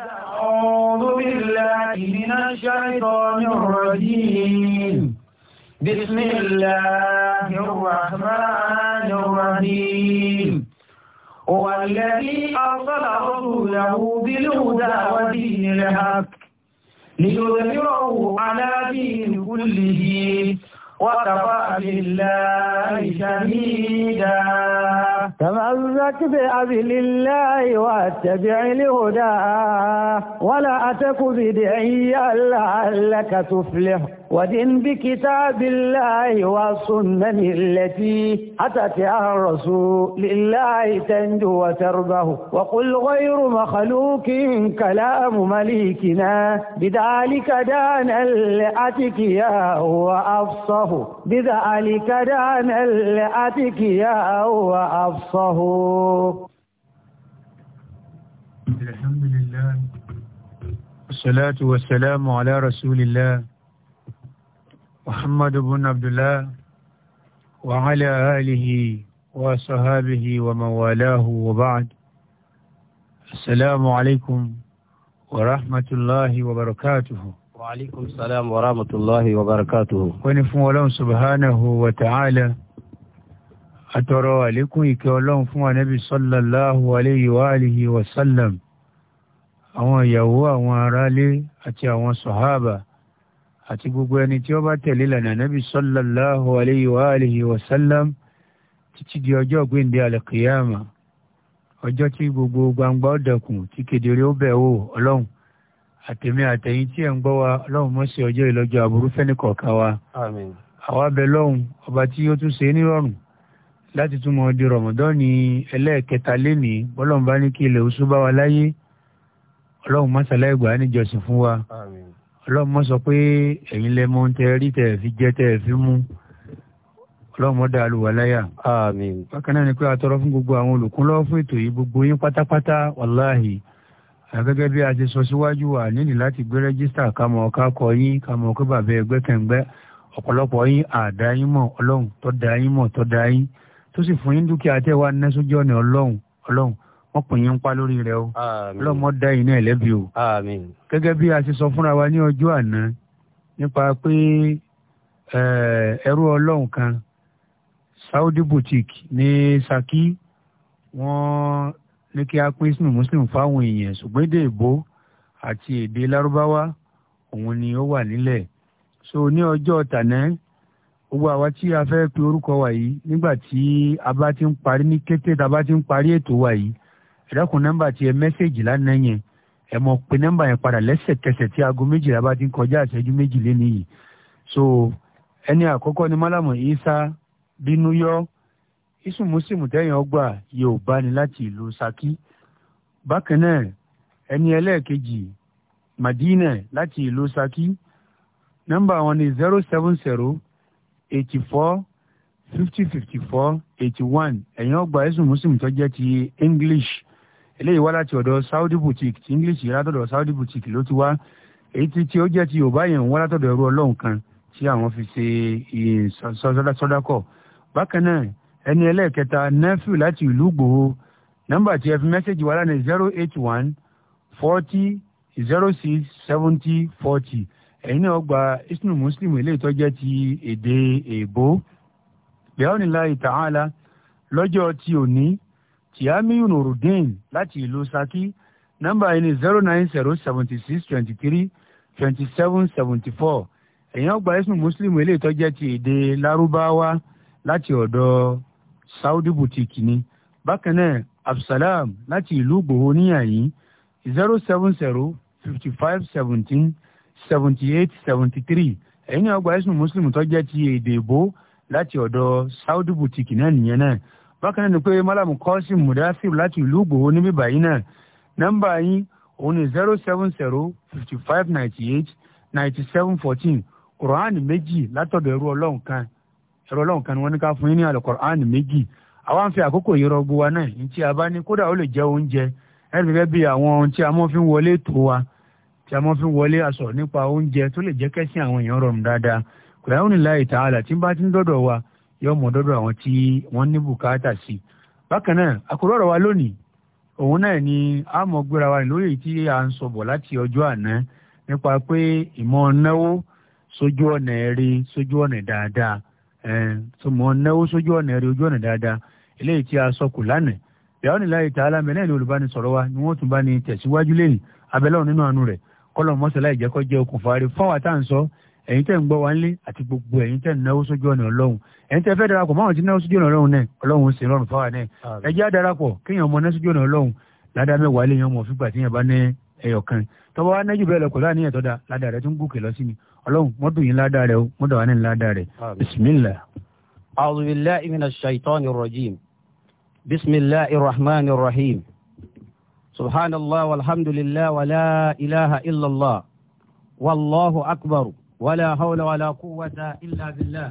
أعوذ بالله من الشيطان الرجيم بسم الله الرحمن الرحيم هو الذي أرسل رسوله بالهدى ودين الحق ليظهره على دين كله وكفى بالله شهيدا تمزك بأذل الله واتبع لهداه ولا أتك بدعيا لعلك تفلح ودن بكتاب الله والسنن التي أتت عن رسول الله تنجو وتربه وقل غير مخلوق كلام مليكنا بذلك دان لأتك يا هو أفصه بذلك دان لأتك يا هو أفصه حفصه الحمد لله والصلاة والسلام على رسول الله محمد بن عبد الله وعلى آله وصحابه ومن والاه وبعد السلام عليكم ورحمة الله وبركاته وعليكم السلام ورحمة الله وبركاته ونفو الله سبحانه وتعالى àtọ̀rọ̀ àlékún ìkẹ́ ọlọ́run fún ànábì sallallahu alayhi wa alihi wa sallam àwọn ìyàwó àwọn aráalé àti àwọn sọ̀háàbà àti gbogbo ẹni tí ó bá tẹ̀lé lànà ànábì sallallahu alayhi wa alihi wa sallam títí di ọjọ́ gbéǹde alẹ́kìyàmà ọjọ́ tí gbogbo gbangba ó dẹkùn tí kedere ó bẹ̀ wò ọlọ́run àtẹ̀mí láti túmọ̀ di rọ̀mọ̀dọ́ọ̀nì ẹlẹ́ẹ̀kẹta lẹ́nìí bọ́lọ́n bá ní kí ilẹ̀ oṣù bá wa láyé ọlọ́run má ṣàlàyé gbà níjọsìn fún wa ọlọ́run mọ́ sọ pé ẹ̀yin lẹ mọ̀ tẹ rí fi jẹ́ tẹ̀ fi mú ọlọ́run mọ́ dá àlùwà láyà. bákan náà ni pé fún gbogbo àwọn fún ètò yìí gbogbo yín pátápátá wàláhì gẹ́gẹ́ bí a ti tó sì fún yín dúkìá tẹ́ wá ná sójú ọ̀nà ọlọ́run ọlọ́run wọ́n pè yín ń pa lórí rẹ o ọlọ́run ọ̀dá iná ẹ̀lẹ́bi o gẹ́gẹ́ bí a ṣe sọ fúnra wa ní ọjọ́ àná nípa pé ẹrú ọlọ́run kan Saudi boutique ní Ṣakí wọ́n ní kí a pín sínú muslim fáwọn èèyàn ṣùgbọ́n èdè ìbò àti èdè lárúbáwá òun ni ó wà nílẹ̀ so ní ọjọ́ tànẹ́ gbogbo àwa tí a fẹ́ pe orúkọ wa yìí nígbà tí a bá ti ń parí ní kété tá a bá ti ń parí ètò wa yìí ẹ dákun nọ́mbà tí ẹ mẹ́sẹ̀gì lánàá yẹn ẹ mọ̀ pé nọ́mbà yẹn padà lẹ́sẹ̀kẹsẹ̀ tí aago méjìlá bá ti ń kọjá àṣẹjú méjìlé nìyí so ẹni àkọ́kọ́ ni málàmù isa bínúyọ́ isu muslim tẹ́yìn ọgbà yorùbá ni láti ìlú saki bákan náà ẹni ẹlẹ́ẹ̀kejì madina láti ìlú saki nọ́mbà wọn ni zero seven zero eighty four fifty fifty four eighty one ẹ̀yin ọgbà ẹ̀sùn muslim tó jẹ́ ti english eléyìí wá láti ọ̀dọ̀ saudi boutique ti english yìí látọ̀dọ̀ saudi boutique ló ti wá èyí tí tí ó jẹ́ ti yorùbá yẹn wá látọ̀dọ̀ ẹrú ọlọ́run kan tí àwọn fi ṣe sọ́dákọ̀ bákan náà ẹni ẹlẹ́ẹ̀kẹta nefu láti ìlú gbòho nọ́mbà tí ẹ fi mẹ́sẹ̀gì wá lánàá zero eight one forty zero six seventy forty ẹ̀yin náà gba isnu muslim ilé ìtọ́jẹ́ ti èdè èèbó bẹ́ọ̀nìláì ta'ala lọ́jọ́ ti òní tìámíyù nurudeen láti ìlú saki nọ́mbà yìí ni zero nine zero seventy six twenty three twenty seven seventy four ẹ̀yin ọgbà isnu muslim ilé ìtọ́jẹ́ ti èdè lárúbáwá láti ọ̀dọ̀ saudi boutique ni bákan náà absalam láti ìlú gbòho níyàyí zero seven zero fifty five seventeen seventy eight seventy three ẹ̀yin náà gba ẹ̀sùn muslim tó jẹ́ ti èdè ìbò láti ọ̀dọ̀ saudi boutique náà nìyẹn náà bákan náà ni pé malam kọ́sì mudasir láti ìlú gbòho níbí báyìí náà nọ́mbà yín òun ni zero seven zero fifty five ninety eight ninety seven fourteen quran méjì látọ̀dọ̀ ẹrú ọlọ́run kan ẹrú ọlọ́run kan ni wọ́n ní ká fún yín ní àlọ́ quran méjì àwa ń fi àkókò yìí rọgbọ wa náà ní tí a bá ní kódà ó lè jẹ oúnjẹ ẹnì tí a mọ́ fi wọlé aṣọ nípa oúnjẹ tó lè jẹ́ kẹ́sìn àwọn èèyàn rọrùn dáadáa kùráùnì láì tààlà tí bá ti ń dọ́dọ̀ wa yóò mọ̀ dọ́dọ̀ àwọn tí wọ́n ní bùkátà sí. bákan náà àkùrọ̀ ọ̀rọ̀ wa lónìí òun náà ni a mọ̀ gbéra wa lórí èyí tí a ń sọ bọ̀ láti ọjọ́ àná nípa pé ìmọ̀ náwó sójú ọ̀nà eré sójú ọ̀nà dáadáa ìmọ̀ náwó sójú ọ̀nà eré ojú ọ̀nà dáadáa eléyìí tí a sọ kù lánàá kùráùnì láì tààlà mẹ́lẹ́ni olùbánisọ̀rọ̀ wa ni wọ́n tún bá ní tẹ̀síwájú lẹ́yìn abẹ́lẹ́ kọ́lọ̀ mọ́sálá ìjẹ́kọ́ jẹ́ okùnfà rẹ̀ fáwọn àtàn sọ ẹ̀yin tẹ́ ń gbọ́ wa nílé àti gbogbo ẹ̀yin tẹ́ ń náwó sójú ọ̀nà ọlọ́run ẹ̀yin tẹ́ fẹ́ darapọ̀ máwọn ti náwó sójú ọ̀nà ọlọ́run náà ọlọ́run sì rọrùn fáwa náà ẹ jẹ́ kéèyàn mọ náà sójú ọ̀nà ọlọ́run ládàá mẹ́wàá lè yan mọ̀ fígbà tí yẹn bá ní ẹyọ kan tọ́wọ́ wa nájú bẹ́ẹ̀ lọ pẹ̀lú àníyàn tọ́da ládàá سبحان الله والحمد لله ولا إله إلا الله والله أكبر ولا حول ولا قوة إلا بالله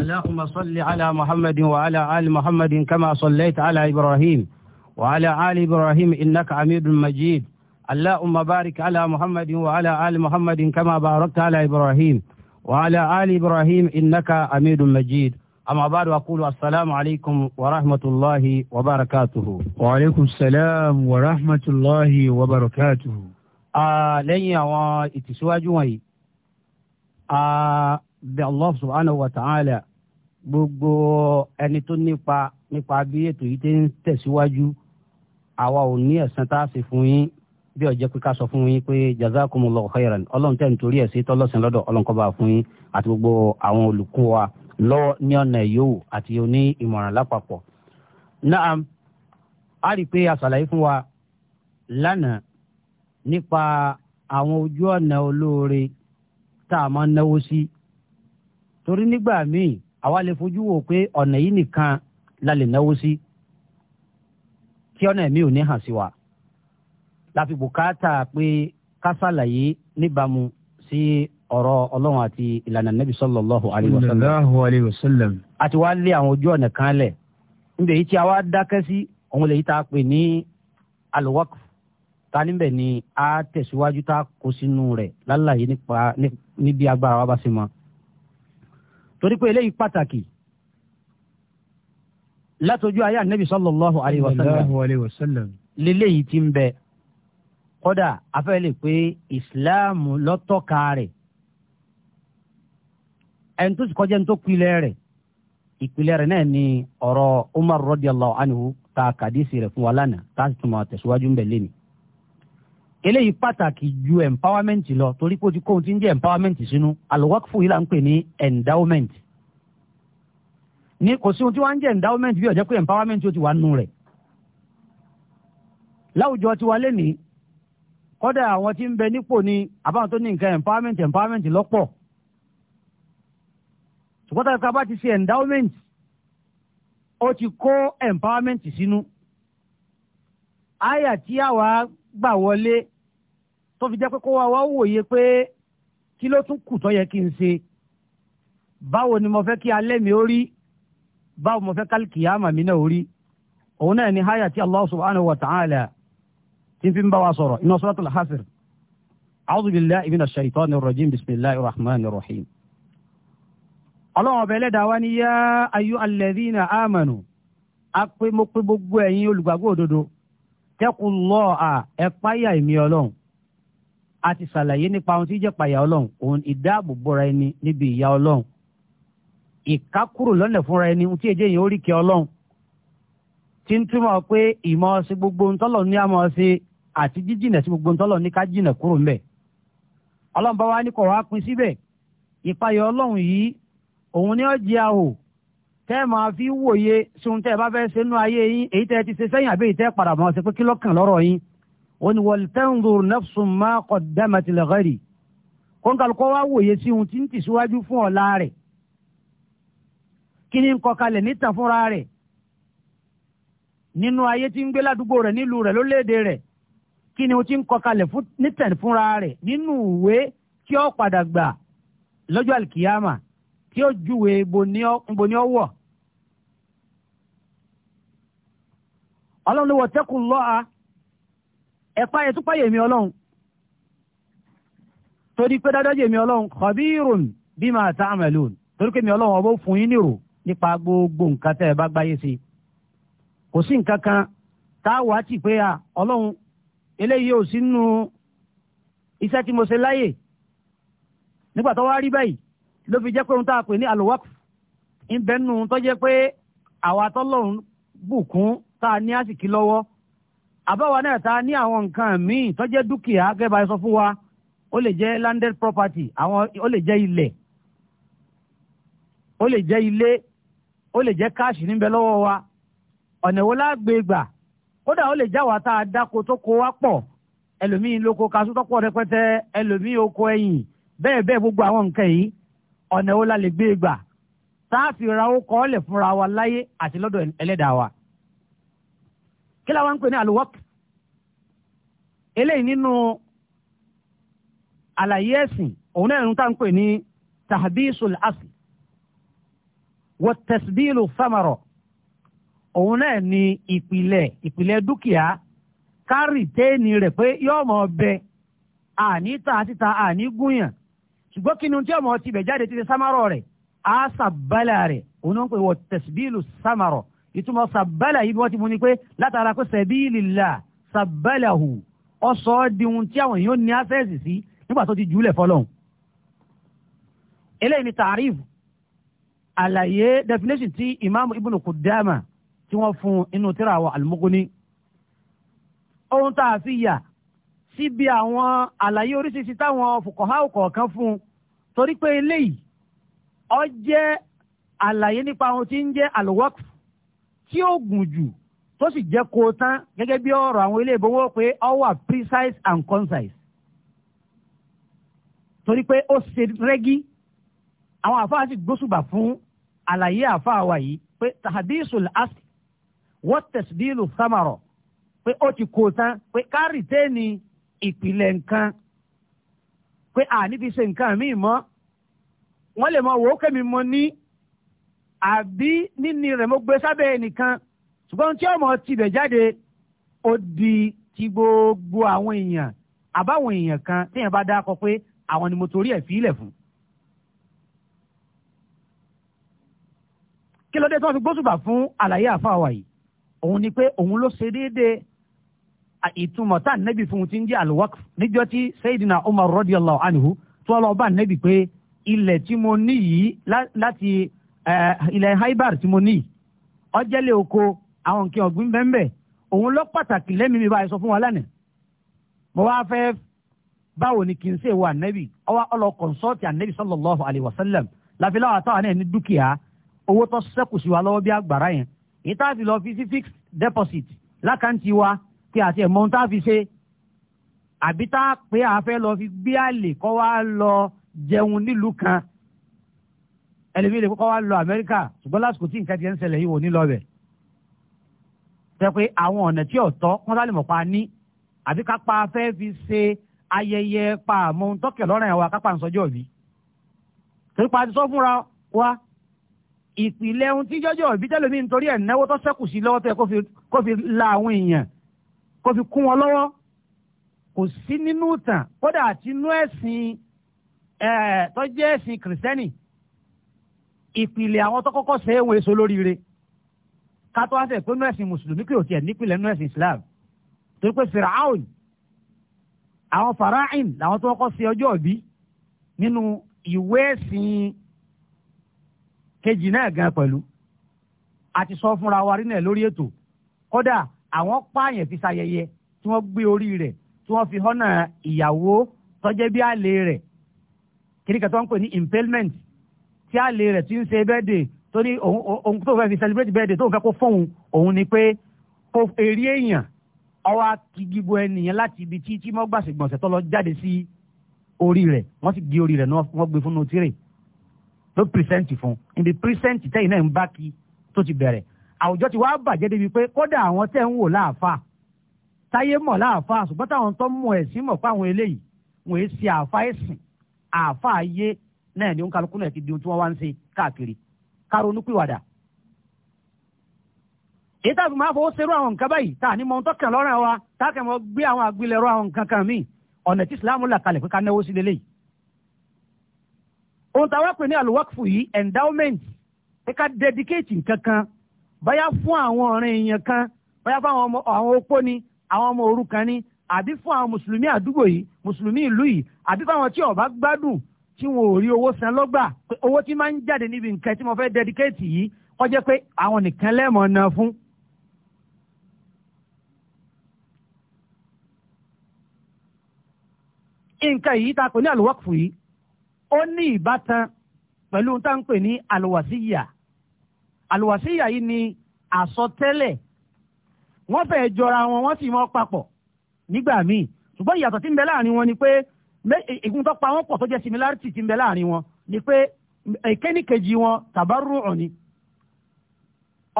اللهم صل على محمد وعلى آل محمد كما صليت على إبراهيم وعلى آل إبراهيم إنك عميد مجيد اللهم بارك على محمد وعلى آل محمد كما باركت على إبراهيم وعلى آل إبراهيم إنك عميد مجيد أما بعد أقول السلام عليكم ورحمة الله وبركاته وعليكم السلام ورحمة الله وبركاته لن يوا اتسواجوي bí allah subhanahu wa ta'ala gbogbo ẹni tó nípa nípa bí ètò yìí ti ń tẹ̀síwájú àwa ò ní ẹ̀san tá a sì fún yín bí ó pé ká sọ fún yín pé jazakumullahu khairan ọlọ́run tẹ̀ nítorí ẹ̀ sí tọ́lọ́sìn lọ́dọ̀ ọlọ́nkọ́ba fún yín àti gbogbo àwọn olùkọ́ wa lọ́wọ́ ní ọ̀nà ìyówù àti oní ìmọ̀ràn lápapọ̀. naam a rí i pé a ṣàlàyé fún wa lánàá nípa àwọn ojú ọ̀nà olóore tá a máa náwó sí torí nígbà míì àwa lè fojú wò pé ọ̀nà yìí nìkan la lè náwó sí tí ọ̀nà ẹ̀mí ò ní hàn sí wa la fi bùkátà pé ká ṣàlàyé níbàámu sí ọ̀rọ̀ ọlọ́run àti ìlànà nẹ́bí sallallahu alayhi wa sallam. àti wá lé àwọn ojú ọ̀nà kan lẹ̀ níbi èyí tí a wá dákẹ́ sí òun lè yí tá a pè ní alwaqf ta níbẹ̀ ni a tẹ̀síwájú tá a kó sínú rẹ̀ lálàyé nípa níbi agbára wa bá sí mọ́. torí pé eléyìí pàtàkì látọjú ayé ànẹ́bí sallallahu alayhi lélẹ́yìí ti ń ẹni tó sì kọjá ní tó pilẹ̀ rẹ̀ ìpìlẹ̀ rẹ̀ náà ni ọ̀rọ̀ Umar radiyallahu anhu ta kàdísì rẹ̀ fún wa lánàá tá a sì tún máa tẹ̀síwájú ń bẹ̀ lé eléyìí pàtàkì ju empowerment lọ torí pé o ti kó ohun tí ń jẹ́ empowerment sínú al-waqfu yìí là ń pè ní endowment ní kò sí ohun tí wọ́n ń jẹ́ endowment bí ó pé empowerment ó ti wà nù rẹ̀ láwùjọ ti wà lẹ́nìí kọ́dà àwọn tí ń bẹ nípò ni àbáwọn tó ní nǹkan empowerment empowerment lọ́pọ̀ ṣùgbọ́n tá a bá ti ṣe endowment ó ti kó empowerment sínú àyà tí àwa gbà wọlé tó fi jẹ́ pé kó wa wá wòye pé kí ló tún kù tó yẹ kí n ṣe báwo ni mo fẹ́ kí alẹ́ mi ó rí báwo mo fẹ́ kálí kìyàmà mi náà ó rí òun náà ni àyà tí Allah subhanahu wa ta'ala tí n fi ń bá wa sọ̀rọ̀ iná suratul hasr a'udhu billahi minash shaitanir rajim bismillahir rahmanir rahim. ọlọ́run ọbẹ̀ ẹlẹ́dàá wá ní yá ayú alẹ́dínà àmánù a mo gbogbo ẹ̀yin olùgbàgbọ́ òdodo tẹ́kùn lọ́ à ẹ ìmí ọlọ́run a ti salaye nípa ohun tí jẹ́ páyà ọlọ́run òun ìdáàbòbọ́ra ẹni níbi ìyà ọlọ́run ìkákúrò fúnra ẹni tí ọlọ́run ti ń túmọ̀ pé ìmọ̀ gbogbo ní ọsẹ gbogbo ní ká jìnà kúrò ọlọ́run òun ni ó jẹ àhò tẹ́ ẹ máa fi wòye sun tẹ́ ẹ bá fẹ́ ṣe nú ayé yín èyí tẹ́ ẹ ti ṣe sẹ́yìn àbí èyí tẹ́ ẹ padà mọ́ ọ ṣe pé kí lọ́kàn lọ́rọ̀ yín òun ni wal tanzur nafsun ma qaddamat li ghadi kóńkàlùkọ́ wá wòye sí ohun tí ń tìṣíwájú fún ọ̀la rẹ̀ kí ni ń kọ kalẹ̀ fúnra rẹ̀ nínú ayé tí ń gbé ládùúgbò rẹ̀ nílùú rẹ̀ lólédè rẹ̀ kí ni o ti ń kọ kalẹ̀ fúnra rẹ̀ nínú ìwé tí ó padà gbà lọ́jọ́ àlìkìyàmà tí ó júwe bo ní ọwọ́. ọlọ́run ló wọ tẹ́kùn lọ́ha ẹ̀pá ẹ̀túpá yèmí ọlọ́run torí pé dáadáa yèmí ọlọ́run khabirun bima ta'malun torí pé mi ọlọ́run ọbọ̀ fún yín nírò nípa gbogbo nǹkan tẹ́ ẹ bá gbáyé sí kò sí nǹkan kan táwa ti pé a ọlọ́run eléyìí ò sínú iṣẹ́ tí mo ṣe láyè nígbà tó wá rí báyìí ló fi jẹ́ pé ohun tá a pè ní alowak ìbẹ́nu tó jẹ́ pé àwa tọ́lọ́run bùkún tá a ní àsìkí lọ́wọ́ àbáwa náà tá ní àwọn nǹkan míì tó jẹ́ dúkìá gẹ́gẹ́ bá a sọ fún wa ó lè jẹ́ landed property àwọn ó lè jẹ́ ilẹ̀ ó lè jẹ́ ilé ó lè jẹ́ káàṣì níbẹ̀ lọ́wọ́ wa ọ̀nà wo lágbè gbà kódà ó lè jáwàá tá a dáko tó kó wa pọ̀ ẹlòmíín lóko kaṣú tó pọ̀ rẹpẹtẹ ẹlòmíín oko ẹ̀yìn bẹ́ẹ̀ bẹ́ẹ̀ gbogbo àwọn nǹkan yìí ọ̀nà wo la lè gbé e gbà sáàfì ra ó kọ́ lẹ̀ fúnra wa láyé àti lọ́dọ̀ ẹlẹ́dàá wa kí làwọn ń pè ní àlùwọ́pù eléyìí nínú àlàyé ẹ̀sìn òun náà ń tà ń pè ní tahbisul asl wa tasbilu òun náà ni ìpìlẹ̀ ìpìlẹ̀ dúkìá kárìtẹ́ẹ̀nì rẹ̀ pé yọ́ọ̀mọ̀ ọbẹ̀ àní tà síta àní gúnyàn ṣùgbọ́n kí ni tí ọmọ ti bẹ̀ jáde títí samarọ rẹ̀ á sàbálà rẹ̀ òun náà ń pè wọ tẹ̀síbílù samarọ ìtumọ̀ sàbálà yìí bí wọ́n ti mú ni pé látara pé sẹ̀bílìlà sàbálàhù ọ̀sọ́ di ohun tí àwọn èèyàn ní àṣẹ́ẹ̀sì sí nígbà tó ti jùlẹ̀ fọlọ́hún. eléyìí ni taarif àlàyé definition ti imaamu ibn kudama tí wọ́n fún inú tíra àwọn al ohun tá a fi yà síbi àwọn àlàyé oríṣiríṣi táwọn fòkànhá kọ̀ọ̀kan fún un torí pé eléyìí ó jẹ́ àlàyé nípa ohun tí ń jẹ́ alowak tí ó gùn jù tó sì jẹ́ kó tán gẹ́gẹ́ bí ọ̀rọ̀ àwọn ilé ìbówó pé ó wà precise and concise torí pé ó ṣe rẹ́gí àwọn àfáà sì gbósùbà fún àlàyé àfáà wa yìí pé tahadisul asl wọ́n tẹ̀sídìlù sámàrọ̀ pé ó ti kó tán pé ká rìtẹ́ẹ̀nì ìpìlẹ̀ nǹkan pé àní fi ṣe nǹkan míì mọ́ wọ́n lè mọ wò kẹ́mi mọ ní àbí níní rẹ̀ mo gbé sábẹ́ ẹnìkan ṣùgbọ́n tí ọmọ tibẹ̀ jáde ó di ti gbogbo àwọn èèyàn àbáwọn èèyàn kan téèyàn bá dákọ pé àwọn ni mo torí ẹ̀ fi ilẹ̀ fún. kí ló dé tí wọ́n fi gbósùbà fún àlàyé àfáà wa yìí òun ni pé òun ló ṣe déédéé ìtumọ̀ tá nẹ́bí fún un ti ń jẹ́ alwaqf níjọ́ tí Sayyidina Umar radiyallahu anhu tó lọ bá nẹ́bí pé ilẹ̀ tí mo ní yìí láti ilẹ̀ haibar tí mo ní yìí ọjẹ́lẹ̀ oko àwọn nǹkan ọ̀gbìn bẹ́ẹ̀ òun lọ pàtàkì lẹ́mìí mi báyìí sọ fún wa lánàá mo wá fẹ́ báwo ni kì í ṣe wo ànẹ́bí ọwọ́ ọlọ kọ̀nsọ́ọ̀tì ànẹ́bí sallallahu alayhi wa sallam láfiláwà táwọn náà ní dúkìá owó tó ṣẹ́kù sí wa lọ́wọ́ bí agbára yẹn ìtàfi lọ fi deposit lákàntì wa kí àti ẹ̀mọ́ ohun tá a fi ṣe àbí tá a pé a fẹ́ lọ fi gbé àlè kọ́ wa lọ jẹun nílùú kan ẹlẹ́mi lè kọ́ wa lọ Amẹ́ríkà ṣùgbọ́n lásìkò tí nǹkan ti ń ṣẹlẹ̀ yìí wò ní lọ bẹ̀ tẹ pé àwọn ọ̀nà tí ọ̀tọ́ wọ́n sá lè mọ̀ pa ní àbí ká pa fẹ́ fi ṣe ayẹyẹ pa àmọ́ ohun tọ́kẹ̀ lọ́rùn ẹ̀ wa ká pa ń sọjọ́ bí torí pa ti sọ fúnra wa ìpìlẹ̀ ohun tí jọ́jọ́ bí tẹ́lẹ̀ nítorí ẹ̀ náwó tó sẹ́kù sí lọ́wọ́ tó kó fi la àwọn èèyàn kó fi kún wọn lọ́wọ́ kò sí nínú ìtàn kódà àti inú ẹ̀sìn tó jẹ́ ẹ̀sìn kìrìsìtẹ́nì ìpìlẹ̀ àwọn tó kọ́kọ́ ṣe é wọn èso lóríire ká tó wá sẹ̀ pé nú ẹ̀sìn mùsùlùmí kì í tiẹ̀ nípìlẹ̀ nú ẹ̀sìn islam torí pé firaun àwọn farain làwọn tó kọ́kọ́ ṣe ọjọ́ òbí nínú ìwé ẹ̀sìn kejì náà gan pẹ̀lú àti sọ fúnra wa rí náà lórí ètò kódà àwọn pààyàn fi ṣayẹyẹ tí wọ́n gbé orí rẹ̀ tí wọ́n fi họ́nà ìyàwó tọ́jẹ́ bí àlè rẹ̀ kìnnìkan tó ń pè ní impalement tí àlè rẹ̀ ti ń ṣe bẹ́ẹ̀dẹ̀ tó ní ohun tó fẹ́ fi celebrate bẹ́ẹ̀dẹ̀ tó ń kó fóun òun ni pé kó eré èèyàn ọwọ́ akigigbo ẹnìyàn láti ibi tí tí mọ́ gbàṣẹ̀gbọ̀nsẹ̀ tó lọ jáde sí orí rẹ̀ wọ́n sì gé orí rẹ̀ náà wọ́n gbé fún notire ló pírísẹ́ǹtì fún ibi pírísẹ́ǹtì tẹ́yìn náà ń bá kí tó ti bẹ̀rẹ̀ àwùjọ ti wá bàjẹ́ débi pé kódà àwọn tẹ́ ń wò láàfà táyé mọ̀ láàfà ṣùgbọ́n táwọn tó ń mọ̀ ẹ̀sìn mọ̀ fáwọn eléyìí wọ́n èé ṣe àfà ẹ̀sìn àfà ayé náà ni ó ń kálukú náà ti di ohun tí wọ́n wá ń ṣe káàkiri káronú pìwàdà. èyí tá a fi máa fọwọ́ ṣerú àwọn nǹkan báyìí tá a ní mọ ohun tó kàn lọ́rùn wa tá a kàn mọ gbé àwọn àgbélẹ̀rọ àwọn nǹkan kan míì ọ̀nà tí Islam là kalẹ̀ pé ká náwó sí lélẹ́yìí. ohun táwa pè ní àlùwákùfù yìí endowment pé ká dedicate nǹkan kan bóyá fún àwọn ọ̀ràn èèyàn kan bóyá fún àwọn opó ni àwọn ọmọ òrukàn ni àbí fún àwọn mùsùlùmí àdúgbò yìí mùsùlùmí ìlú yìí àbí fún àwọn tí ó bá gbádùn tí wọn ò rí owó san lọ́gbà owó tí máa ń jáde níbi nǹkan tí mo fẹ́ dẹdikéètì yìí kó jẹ́ pé àwọn nìkan lẹ́mọ̀ náà fún. nǹkan yìí ta kò ní àlùwọ́kùfù yìí ó ní ìbátan pẹ̀lú táǹpẹ̀ ní àlùwàsíyà àlùwàsíyà yìí ni àsọtẹ́lẹ̀ wọ́n fẹ́ẹ́ jọra wọn wọ́n sì mọ́ papọ̀ nígbà míì ṣùgbọ́n ìyàtọ̀ tí ń bẹ láàrin wọn ni pé ìkun tó pa wọn pọ̀ tó jẹ́ similarity tí ń bẹ láàrin wọn ni pé ìkẹ́nìkejì wọn tàbárù ọ̀ni